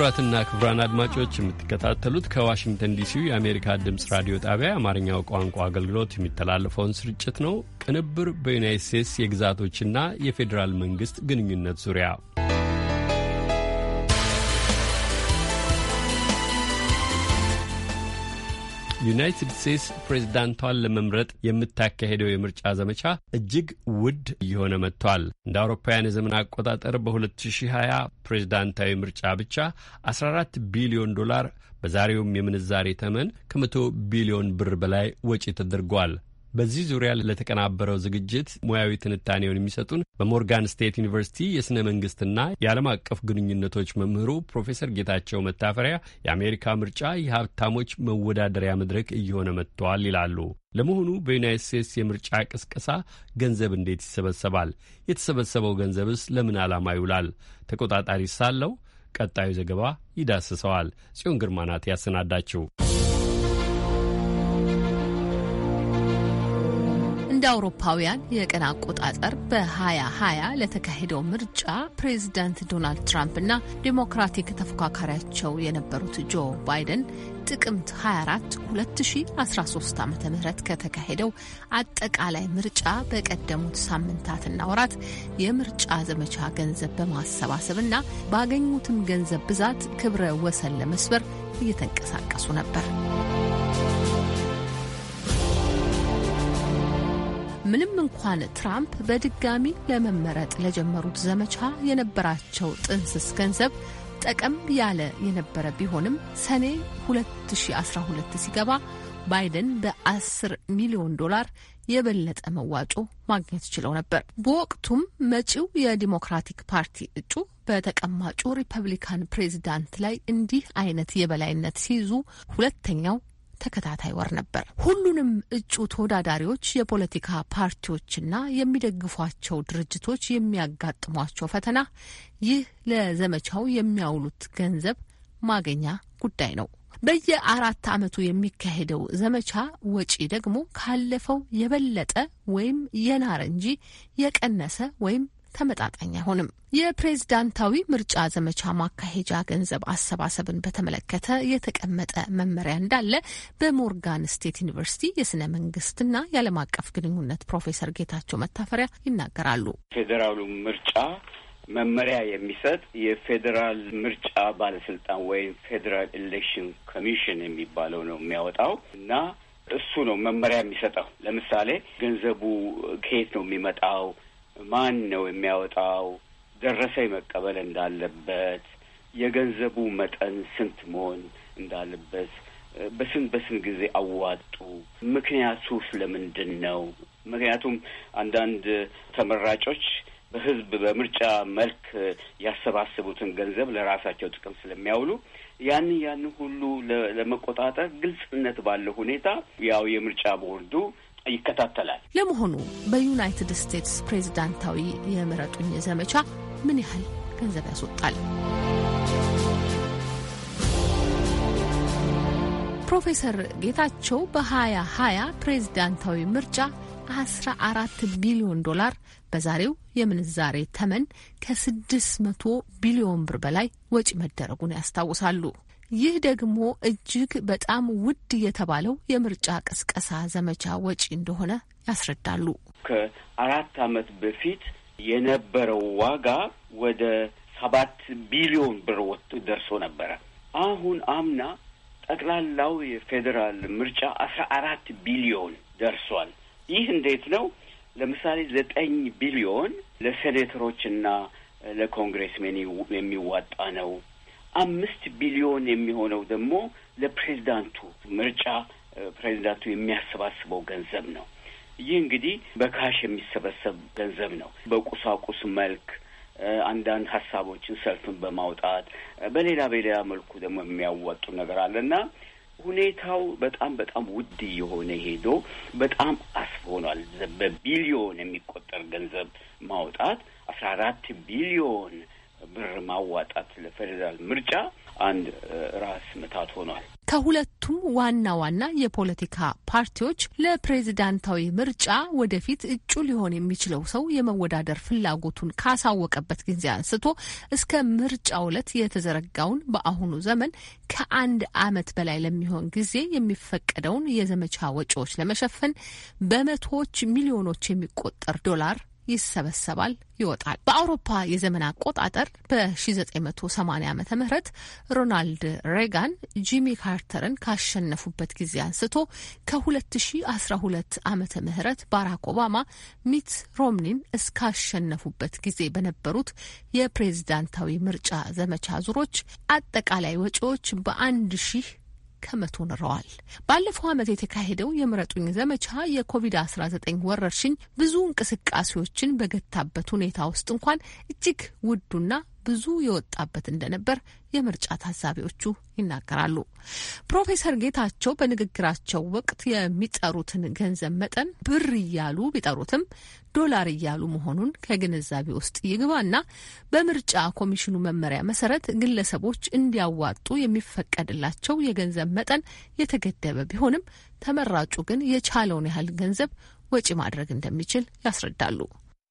Speaker 2: ክቡራትና ክቡራን አድማጮች የምትከታተሉት ከዋሽንግተን ዲሲው የአሜሪካ ድምፅ ራዲዮ ጣቢያ የአማርኛው ቋንቋ አገልግሎት የሚተላለፈውን ስርጭት ነው። ቅንብር በዩናይት ስቴትስ የግዛቶችና የፌዴራል መንግስት ግንኙነት ዙሪያ ዩናይትድ ስቴትስ ፕሬዝዳንቷን ለመምረጥ የምታካሄደው የምርጫ ዘመቻ እጅግ ውድ እየሆነ መጥቷል። እንደ አውሮፓውያን የዘመን አቆጣጠር በ2020 ፕሬዝዳንታዊ ምርጫ ብቻ 14 ቢሊዮን ዶላር በዛሬውም የምንዛሬ ተመን ከመቶ ቢሊዮን ብር በላይ ወጪ ተደርጓል። በዚህ ዙሪያ ለተቀናበረው ዝግጅት ሙያዊ ትንታኔውን የሚሰጡን በሞርጋን ስቴት ዩኒቨርሲቲ የሥነ መንግሥትና የዓለም አቀፍ ግንኙነቶች መምህሩ ፕሮፌሰር ጌታቸው መታፈሪያ የአሜሪካ ምርጫ የሀብታሞች መወዳደሪያ መድረክ እየሆነ መጥተዋል ይላሉ። ለመሆኑ በዩናይት ስቴትስ የምርጫ ቅስቀሳ ገንዘብ እንዴት ይሰበሰባል? የተሰበሰበው ገንዘብስ ለምን ዓላማ ይውላል? ተቆጣጣሪ ሳለው? ቀጣዩ ዘገባ ይዳስሰዋል። ጽዮን ግርማ ናት ያሰናዳችው።
Speaker 3: እንደ አውሮፓውያን የቀን አቆጣጠር በ2020 ለተካሄደው ምርጫ ፕሬዚዳንት ዶናልድ ትራምፕ እና ዴሞክራቲክ ተፎካካሪያቸው የነበሩት ጆ ባይደን ጥቅምት 24 2013 ዓ ም ከተካሄደው አጠቃላይ ምርጫ በቀደሙት ሳምንታትና ወራት የምርጫ ዘመቻ ገንዘብ በማሰባሰብ እና ባገኙትም ገንዘብ ብዛት ክብረ ወሰን ለመስበር እየተንቀሳቀሱ ነበር። ምንም እንኳን ትራምፕ በድጋሚ ለመመረጥ ለጀመሩት ዘመቻ የነበራቸው ጥንስስ ገንዘብ ጠቀም ያለ የነበረ ቢሆንም ሰኔ 2012 ሲገባ ባይደን በ10 ሚሊዮን ዶላር የበለጠ መዋጮ ማግኘት ችለው ነበር። በወቅቱም መጪው የዲሞክራቲክ ፓርቲ እጩ በተቀማጩ ሪፐብሊካን ፕሬዚዳንት ላይ እንዲህ አይነት የበላይነት ሲይዙ ሁለተኛው ተከታታይ ወር ነበር። ሁሉንም እጩ ተወዳዳሪዎች፣ የፖለቲካ ፓርቲዎችና የሚደግፏቸው ድርጅቶች የሚያጋጥሟቸው ፈተና ይህ ለዘመቻው የሚያውሉት ገንዘብ ማገኛ ጉዳይ ነው። በየአራት ዓመቱ የሚካሄደው ዘመቻ ወጪ ደግሞ ካለፈው የበለጠ ወይም የናረ እንጂ የቀነሰ ወይም ተመጣጣኝ አይሆንም። የፕሬዝዳንታዊ ምርጫ ዘመቻ ማካሄጃ ገንዘብ አሰባሰብን በተመለከተ የተቀመጠ መመሪያ እንዳለ በሞርጋን ስቴት ዩኒቨርሲቲ የስነ መንግስትና የዓለም አቀፍ ግንኙነት ፕሮፌሰር ጌታቸው መታፈሪያ ይናገራሉ።
Speaker 6: ፌዴራሉ ምርጫ መመሪያ የሚሰጥ የፌዴራል ምርጫ ባለስልጣን ወይም ፌዴራል ኤሌክሽን ኮሚሽን የሚባለው ነው የሚያወጣው እና እሱ ነው መመሪያ የሚሰጠው። ለምሳሌ ገንዘቡ ከየት ነው የሚመጣው ማን ነው የሚያወጣው፣ ደረሰኝ መቀበል እንዳለበት፣ የገንዘቡ መጠን ስንት መሆን እንዳለበት፣ በስንት በስንት ጊዜ አዋጡ፣ ምክንያቱ ስለምንድን ነው? ምክንያቱም አንዳንድ ተመራጮች በህዝብ በምርጫ መልክ ያሰባሰቡትን ገንዘብ ለራሳቸው ጥቅም ስለሚያውሉ ያንን ያን ሁሉ ለመቆጣጠር ግልጽነት ባለው ሁኔታ ያው የምርጫ ቦርዱ ይከታተላል።
Speaker 3: ለመሆኑ በዩናይትድ ስቴትስ ፕሬዚዳንታዊ የምረጡኝ ዘመቻ ምን ያህል ገንዘብ ያስወጣል? ፕሮፌሰር ጌታቸው በ2020 ፕሬዚዳንታዊ ምርጫ 14 ቢሊዮን ዶላር በዛሬው የምንዛሬ ተመን ከ600 ቢሊዮን ብር በላይ ወጪ መደረጉን ያስታውሳሉ። ይህ ደግሞ እጅግ በጣም ውድ የተባለው የምርጫ ቅስቀሳ ዘመቻ ወጪ እንደሆነ ያስረዳሉ።
Speaker 6: ከአራት አመት በፊት የነበረው ዋጋ ወደ ሰባት ቢሊዮን ብር ደርሶ ነበረ። አሁን አምና ጠቅላላው የፌዴራል ምርጫ አስራ አራት ቢሊዮን ደርሷል። ይህ እንዴት ነው? ለምሳሌ ዘጠኝ ቢሊዮን ለሴኔተሮችና ሜን የሚዋጣ ነው። አምስት ቢሊዮን የሚሆነው ደግሞ ለፕሬዚዳንቱ ምርጫ ፕሬዚዳንቱ የሚያሰባስበው ገንዘብ ነው። ይህ እንግዲህ በካሽ የሚሰበሰብ ገንዘብ ነው። በቁሳቁስ መልክ አንዳንድ ሀሳቦችን ሰልፍን በማውጣት በሌላ በሌላ መልኩ ደግሞ የሚያዋጡ ነገር አለና ሁኔታው በጣም በጣም ውድ እየሆነ ሄዶ በጣም አስፍ በቢሊዮን የሚቆጠር ገንዘብ ማውጣት አስራ አራት ቢሊዮን ብር ማዋጣት ለፌዴራል ምርጫ አንድ ራስ ምታት ሆኗል።
Speaker 3: ከሁለቱም ዋና ዋና የፖለቲካ ፓርቲዎች ለፕሬዝዳንታዊ ምርጫ ወደፊት እጩ ሊሆን የሚችለው ሰው የመወዳደር ፍላጎቱን ካሳወቀበት ጊዜ አንስቶ እስከ ምርጫ ዕለት የተዘረጋውን በአሁኑ ዘመን ከአንድ ዓመት በላይ ለሚሆን ጊዜ የሚፈቀደውን የዘመቻ ወጪዎች ለመሸፈን በመቶዎች ሚሊዮኖች የሚቆጠር ዶላር ይሰበሰባል፣ ይወጣል። በአውሮፓ የዘመን አቆጣጠር በ1980 ዓ ም ሮናልድ ሬጋን ጂሚ ካርተርን ካሸነፉበት ጊዜ አንስቶ ከ2012 ዓ ም ባራክ ኦባማ ሚት ሮምኒን እስካሸነፉበት ጊዜ በነበሩት የፕሬዝዳንታዊ ምርጫ ዘመቻ ዙሮች አጠቃላይ ወጪዎች በአንድ ሺህ ከመቶ ንረዋል። ባለፈው ዓመት የተካሄደው የምረጡኝ ዘመቻ የኮቪድ-19 ወረርሽኝ ብዙ እንቅስቃሴዎችን በገታበት ሁኔታ ውስጥ እንኳን እጅግ ውዱና ብዙ የወጣበት እንደነበር የምርጫ ታዛቢዎቹ ይናገራሉ። ፕሮፌሰር ጌታቸው በንግግራቸው ወቅት የሚጠሩትን ገንዘብ መጠን ብር እያሉ ቢጠሩትም ዶላር እያሉ መሆኑን ከግንዛቤ ውስጥ ይግባና በምርጫ ኮሚሽኑ መመሪያ መሰረት ግለሰቦች እንዲያዋጡ የሚፈቀድላቸው የገንዘብ መጠን የተገደበ ቢሆንም ተመራጩ ግን የቻለውን ያህል ገንዘብ ወጪ ማድረግ እንደሚችል ያስረዳሉ።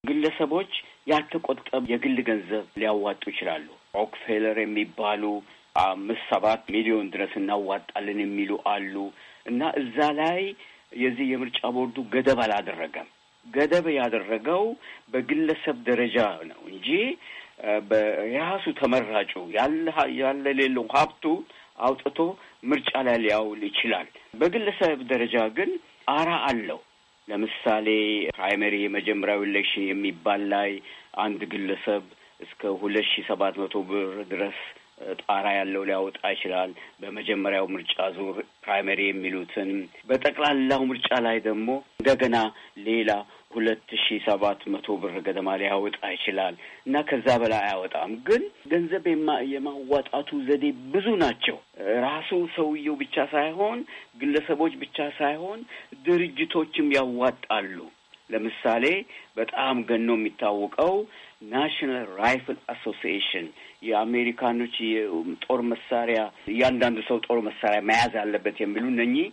Speaker 6: ግለሰቦች ያልተቆጠብ የግል ገንዘብ ሊያዋጡ ይችላሉ። ሮክፌለር የሚባሉ አምስት ሰባት ሚሊዮን ድረስ እናዋጣለን የሚሉ አሉ እና እዛ ላይ የዚህ የምርጫ ቦርዱ ገደብ አላደረገም። ገደብ ያደረገው በግለሰብ ደረጃ ነው እንጂ የራሱ ተመራጩ ያለ ሌለው ሀብቱ አውጥቶ ምርጫ ላይ ሊያውል ይችላል። በግለሰብ ደረጃ ግን አራ አለው ለምሳሌ ፕራይመሪ የመጀመሪያው ኢሌክሽን የሚባል ላይ አንድ ግለሰብ እስከ ሁለት ሺ ሰባት መቶ ብር ድረስ ጣራ ያለው ሊያወጣ ይችላል። በመጀመሪያው ምርጫ ዙር ፕራይመሪ የሚሉትን በጠቅላላው ምርጫ ላይ ደግሞ እንደገና ሌላ ሁለት ሺ ሰባት መቶ ብር ገደማ ሊያወጣ ይችላል እና ከዛ በላይ አያወጣም። ግን ገንዘብ የማዋጣቱ ዘዴ ብዙ ናቸው። ራሱ ሰውየው ብቻ ሳይሆን ግለሰቦች ብቻ ሳይሆን ድርጅቶችም ያዋጣሉ። ለምሳሌ በጣም ገኖ የሚታወቀው ናሽናል ራይፍል አሶሲኤሽን የአሜሪካኖች የጦር መሳሪያ እያንዳንዱ ሰው ጦር መሳሪያ መያዝ አለበት የሚሉ እነኚህ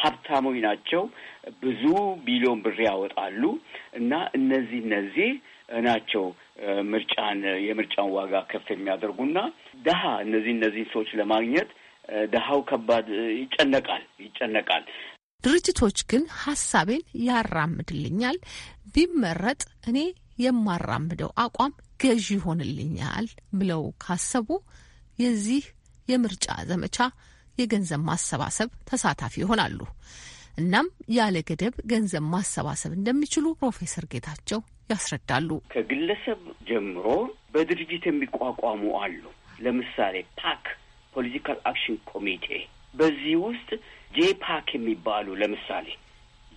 Speaker 6: ሀብታሞች ናቸው። ብዙ ቢሊዮን ብር ያወጣሉ እና እነዚህ እነዚህ ናቸው ምርጫን የምርጫን ዋጋ ከፍ የሚያደርጉና ድሀ እነዚህ እነዚህ ሰዎች ለማግኘት ድሀው ከባድ ይጨነቃል ይጨነቃል።
Speaker 3: ድርጅቶች ግን ሀሳቤን ያራምድልኛል፣ ቢመረጥ እኔ የማራምደው አቋም ገዢ ይሆንልኛል ብለው ካሰቡ የዚህ የምርጫ ዘመቻ የገንዘብ ማሰባሰብ ተሳታፊ ይሆናሉ። እናም ያለ ገደብ ገንዘብ ማሰባሰብ እንደሚችሉ ፕሮፌሰር ጌታቸው ያስረዳሉ። ከግለሰብ
Speaker 6: ጀምሮ በድርጅት የሚቋቋሙ አሉ። ለምሳሌ ፓክ ፖለቲካል አክሽን ኮሚቴ በዚህ ውስጥ ጄፓክ የሚባሉ ለምሳሌ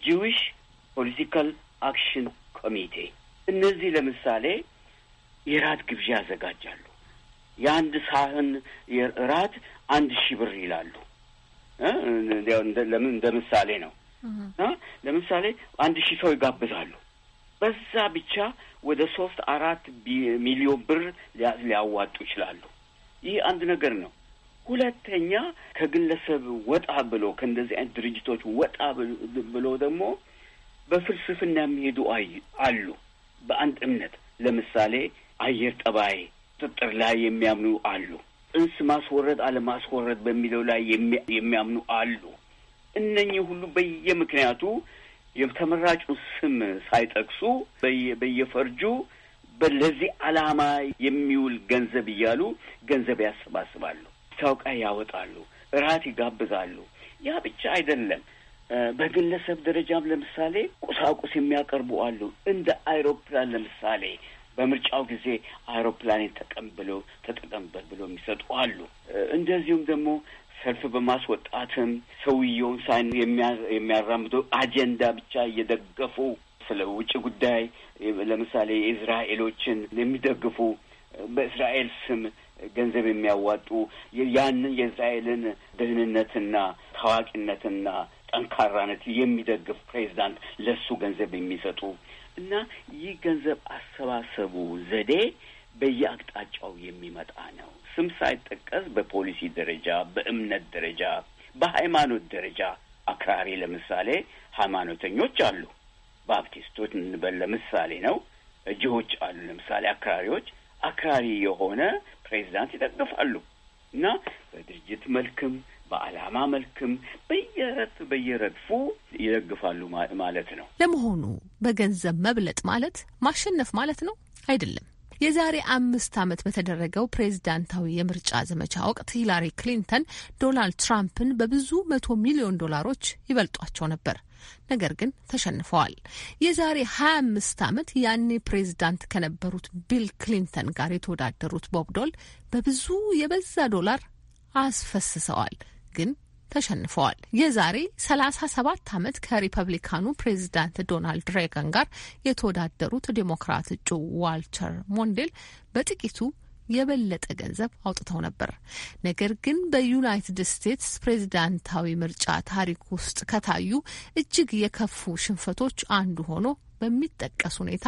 Speaker 6: ጂዊሽ ፖለቲካል አክሽን ኮሚቴ እነዚህ ለምሳሌ የራት ግብዣ ያዘጋጃሉ። የአንድ ሳህን የራት አንድ ሺህ ብር ይላሉ። ለምን እንደ ምሳሌ ነው። ለምሳሌ አንድ ሺህ ሰው ይጋብዛሉ። በዛ ብቻ ወደ ሶስት አራት ሚሊዮን ብር ሊያዋጡ ይችላሉ። ይህ አንድ ነገር ነው። ሁለተኛ ከግለሰብ ወጣ ብሎ ከእንደዚህ አይነት ድርጅቶች ወጣ ብሎ ደግሞ በፍልስፍና የሚሄዱ አሉ። በአንድ እምነት ለምሳሌ አየር ጠባይ ጥጥር ላይ የሚያምኑ አሉ። እንስ ማስወረድ አለማስወረድ በሚለው ላይ የሚያምኑ አሉ። እነኚህ ሁሉ በየምክንያቱ የተመራጩ ስም ሳይጠቅሱ በየፈርጁ ለዚህ ዓላማ የሚውል ገንዘብ እያሉ ገንዘብ ያሰባስባሉ፣ ታውቃ ያወጣሉ፣ እራት ይጋብዛሉ። ያ ብቻ አይደለም። በግለሰብ ደረጃም ለምሳሌ ቁሳቁስ የሚያቀርቡ አሉ። እንደ አይሮፕላን ለምሳሌ በምርጫው ጊዜ አውሮፕላን ተቀብሎ ተጠቀምበት ብሎ የሚሰጡ አሉ። እንደዚሁም ደግሞ ሰልፍ በማስወጣትም ሰውየውን ሳይን የሚያራምደው አጀንዳ ብቻ እየደገፉ ስለ ውጭ ጉዳይ ለምሳሌ የእስራኤሎችን የሚደግፉ በእስራኤል ስም ገንዘብ የሚያዋጡ ያንን የእስራኤልን ደህንነትና ታዋቂነትና ጠንካራነት የሚደግፍ ፕሬዚዳንት ለሱ ገንዘብ የሚሰጡ እና ይህ ገንዘብ አሰባሰቡ ዘዴ በየአቅጣጫው የሚመጣ ነው። ስም ሳይጠቀስ በፖሊሲ ደረጃ፣ በእምነት ደረጃ፣ በሃይማኖት ደረጃ አክራሪ ለምሳሌ ሃይማኖተኞች አሉ። ባፕቲስቶች እንበል ለምሳሌ ነው። እጅሆች አሉ ለምሳሌ አክራሪዎች። አክራሪ የሆነ ፕሬዚዳንት ይደግፋሉ እና በድርጅት መልክም በዓላማ መልክም በየረድፍ በየረድፉ ይደግፋሉ ማለት ነው።
Speaker 3: ለመሆኑ በገንዘብ መብለጥ ማለት ማሸነፍ ማለት ነው አይደለም? የዛሬ አምስት ዓመት በተደረገው ፕሬዝዳንታዊ የምርጫ ዘመቻ ወቅት ሂላሪ ክሊንተን ዶናልድ ትራምፕን በብዙ መቶ ሚሊዮን ዶላሮች ይበልጧቸው ነበር። ነገር ግን ተሸንፈዋል። የዛሬ 25 ዓመት ያኔ ፕሬዝዳንት ከነበሩት ቢል ክሊንተን ጋር የተወዳደሩት ቦብ ዶል በብዙ የበዛ ዶላር አስፈስሰዋል። ግን ተሸንፈዋል። የዛሬ 37 ዓመት ከሪፐብሊካኑ ፕሬዚዳንት ዶናልድ ሬገን ጋር የተወዳደሩት ዴሞክራት እጩ ዋልተር ሞንዴል በጥቂቱ የበለጠ ገንዘብ አውጥተው ነበር። ነገር ግን በዩናይትድ ስቴትስ ፕሬዚዳንታዊ ምርጫ ታሪክ ውስጥ ከታዩ እጅግ የከፉ ሽንፈቶች አንዱ ሆኖ በሚጠቀስ ሁኔታ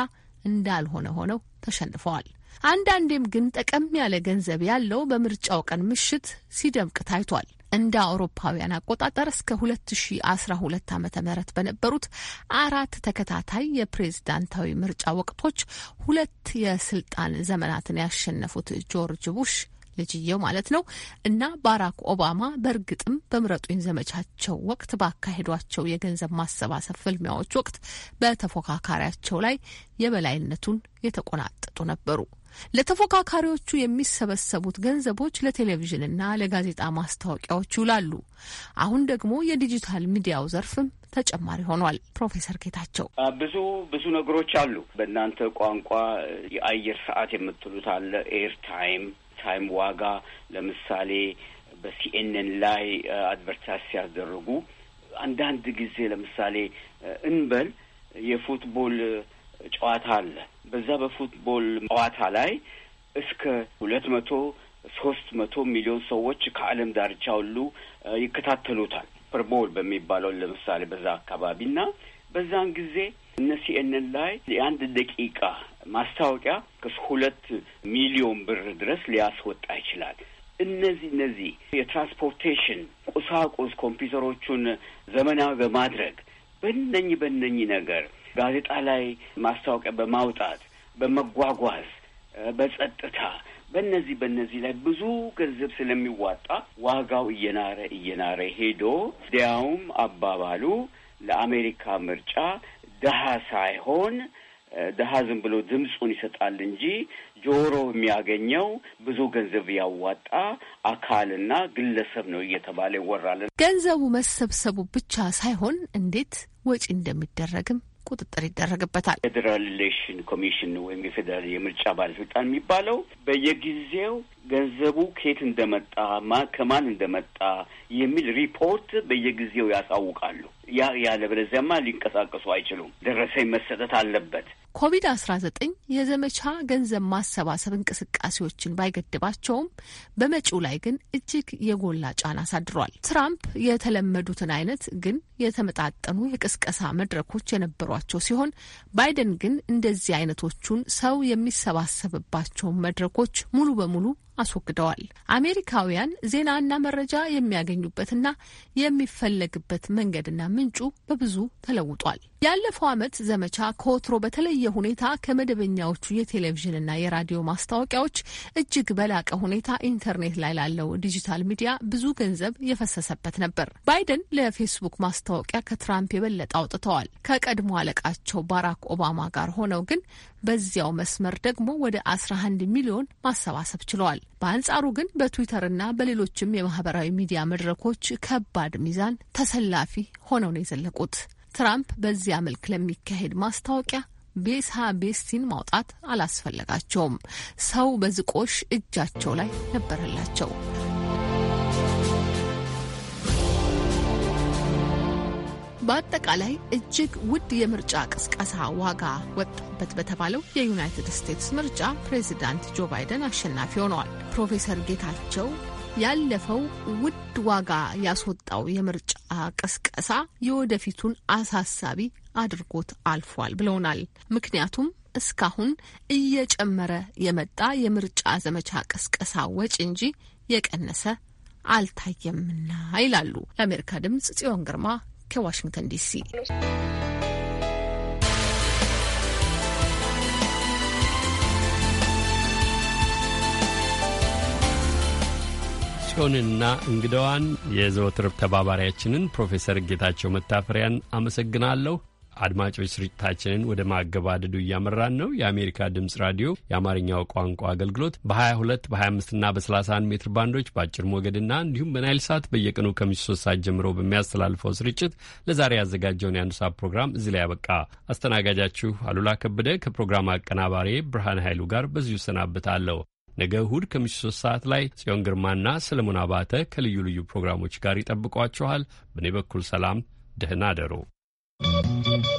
Speaker 3: እንዳልሆነ ሆነው ተሸንፈዋል። አንዳንዴም ግን ጠቀም ያለ ገንዘብ ያለው በምርጫው ቀን ምሽት ሲደምቅ ታይቷል። እንደ አውሮፓውያን አቆጣጠር እስከ 2012 ዓ ም በነበሩት አራት ተከታታይ የፕሬዝዳንታዊ ምርጫ ወቅቶች ሁለት የስልጣን ዘመናትን ያሸነፉት ጆርጅ ቡሽ ልጅየው ማለት ነው እና ባራክ ኦባማ በእርግጥም በምረጡኝ ዘመቻቸው ወቅት ባካሄዷቸው የገንዘብ ማሰባሰብ ፍልሚያዎች ወቅት በተፎካካሪያቸው ላይ የበላይነቱን የተቆናጠጡ ነበሩ። ለተፎካካሪዎቹ የሚሰበሰቡት ገንዘቦች ለቴሌቪዥንና ለጋዜጣ ማስታወቂያዎች ይውላሉ። አሁን ደግሞ የዲጂታል ሚዲያው ዘርፍም ተጨማሪ ሆኗል። ፕሮፌሰር ጌታቸው
Speaker 6: ብዙ ብዙ ነገሮች አሉ። በእናንተ ቋንቋ የአየር ሰዓት የምትሉት አለ። ኤር ታይም ታይም ዋጋ ለምሳሌ በሲኤንኤን ላይ አድቨርታይዝ ሲያደርጉ አንዳንድ ጊዜ ለምሳሌ እንበል የፉትቦል ጨዋታ አለ። በዛ በፉትቦል ጨዋታ ላይ እስከ ሁለት መቶ ሶስት መቶ ሚሊዮን ሰዎች ከዓለም ዳርቻ ሁሉ ይከታተሉታል። ፕርቦል በሚባለው ለምሳሌ በዛ አካባቢ እና በዛን ጊዜ እነ ሲኤንን ላይ የአንድ ደቂቃ ማስታወቂያ ከስ ሁለት ሚሊዮን ብር ድረስ ሊያስወጣ ይችላል። እነዚህ እነዚህ የትራንስፖርቴሽን ቁሳቁስ ኮምፒውተሮቹን ዘመናዊ በማድረግ በነኝ በነኝ ነገር ጋዜጣ ላይ ማስታወቂያ በማውጣት በመጓጓዝ፣ በጸጥታ በእነዚህ በእነዚህ ላይ ብዙ ገንዘብ ስለሚዋጣ ዋጋው እየናረ እየናረ ሄዶ እንዲያውም አባባሉ ለአሜሪካ ምርጫ ድሀ ሳይሆን ድሀ ዝም ብሎ ድምፁን ይሰጣል እንጂ ጆሮ የሚያገኘው ብዙ ገንዘብ ያዋጣ አካልና ግለሰብ ነው እየተባለ ይወራል።
Speaker 3: ገንዘቡ መሰብሰቡ ብቻ ሳይሆን እንዴት ወጪ እንደሚደረግም ቁጥጥር ይደረግበታል። ፌዴራል
Speaker 6: ኢሌክሽን ኮሚሽን ወይም የፌዴራል የምርጫ ባለስልጣን የሚባለው በየጊዜው ገንዘቡ ከየት እንደመጣ፣ ከማን እንደመጣ የሚል ሪፖርት በየጊዜው ያሳውቃሉ። ያ ያለበለዚያማ ሊንቀሳቀሱ አይችሉም። ደረሰኝ መሰጠት አለበት።
Speaker 3: ኮቪድ አስራ ዘጠኝ የዘመቻ ገንዘብ ማሰባሰብ እንቅስቃሴዎችን ባይገድባቸውም በመጪው ላይ ግን እጅግ የጎላ ጫና አሳድሯል። ትራምፕ የተለመዱትን አይነት ግን የተመጣጠኑ የቅስቀሳ መድረኮች የነበሯቸው ሲሆን ባይደን ግን እንደዚህ አይነቶቹን ሰው የሚሰባሰብባቸውን መድረኮች ሙሉ በሙሉ አስወግደዋል። አሜሪካውያን ዜናና መረጃ የሚያገኙበትና የሚፈለግበት መንገድና ምንጩ በብዙ ተለውጧል። ያለፈው ዓመት ዘመቻ ከወትሮ በተለየ ሁኔታ ከመደበኛዎቹ የቴሌቪዥንና የራዲዮ ማስታወቂያዎች እጅግ በላቀ ሁኔታ ኢንተርኔት ላይ ላለው ዲጂታል ሚዲያ ብዙ ገንዘብ የፈሰሰበት ነበር። ባይደን ለፌስቡክ ማስታወቂያ ከትራምፕ የበለጠ አውጥተዋል። ከቀድሞ አለቃቸው ባራክ ኦባማ ጋር ሆነው ግን በዚያው መስመር ደግሞ ወደ 11 ሚሊዮን ማሰባሰብ ችለዋል። በአንጻሩ ግን በትዊተርና በሌሎችም የማህበራዊ ሚዲያ መድረኮች ከባድ ሚዛን ተሰላፊ ሆነው ነው የዘለቁት። ትራምፕ በዚያ መልክ ለሚካሄድ ማስታወቂያ ቤሳ ቤስቲን ማውጣት አላስፈለጋቸውም። ሰው በዝቆሽ እጃቸው ላይ ነበረላቸው። በአጠቃላይ እጅግ ውድ የምርጫ ቅስቀሳ ዋጋ ወጣበት በተባለው የዩናይትድ ስቴትስ ምርጫ ፕሬዚዳንት ጆ ባይደን አሸናፊ ሆነዋል። ፕሮፌሰር ጌታቸው ያለፈው ውድ ዋጋ ያስወጣው የምርጫ ቅስቀሳ የወደፊቱን አሳሳቢ አድርጎት አልፏል ብለውናል። ምክንያቱም እስካሁን እየጨመረ የመጣ የምርጫ ዘመቻ ቅስቀሳ ወጪ እንጂ የቀነሰ አልታየምና ይላሉ። ለአሜሪካ ድምጽ ጽዮን ግርማ ከዋሽንግተን ዲሲ
Speaker 2: ጽዮንና እንግዳዋን የዘወትር ተባባሪያችንን ፕሮፌሰር ጌታቸው መታፈሪያን አመሰግናለሁ። አድማጮች ስርጭታችንን ወደ ማገባደዱ እያመራን ነው። የአሜሪካ ድምጽ ራዲዮ የአማርኛው ቋንቋ አገልግሎት በ22 በ25ና በ31 ሜትር ባንዶች በአጭር ሞገድና እንዲሁም በናይል ሳት በየቀኑ ከምሽቱ ሶስት ሰዓት ጀምሮ በሚያስተላልፈው ስርጭት ለዛሬ ያዘጋጀውን የአንድ ሰዓት ፕሮግራም እዚህ ላይ ያበቃ። አስተናጋጃችሁ አሉላ ከበደ ከፕሮግራም አቀናባሪ ብርሃን ኃይሉ ጋር በዚሁ እሰናብታለሁ። ነገ እሁድ ከምሽቱ ሶስት ሰዓት ላይ ጽዮን ግርማና ሰለሞን አባተ ከልዩ ልዩ ፕሮግራሞች ጋር ይጠብቋችኋል። በእኔ በኩል ሰላም፣ ደህና አደሩ።
Speaker 11: Thank you.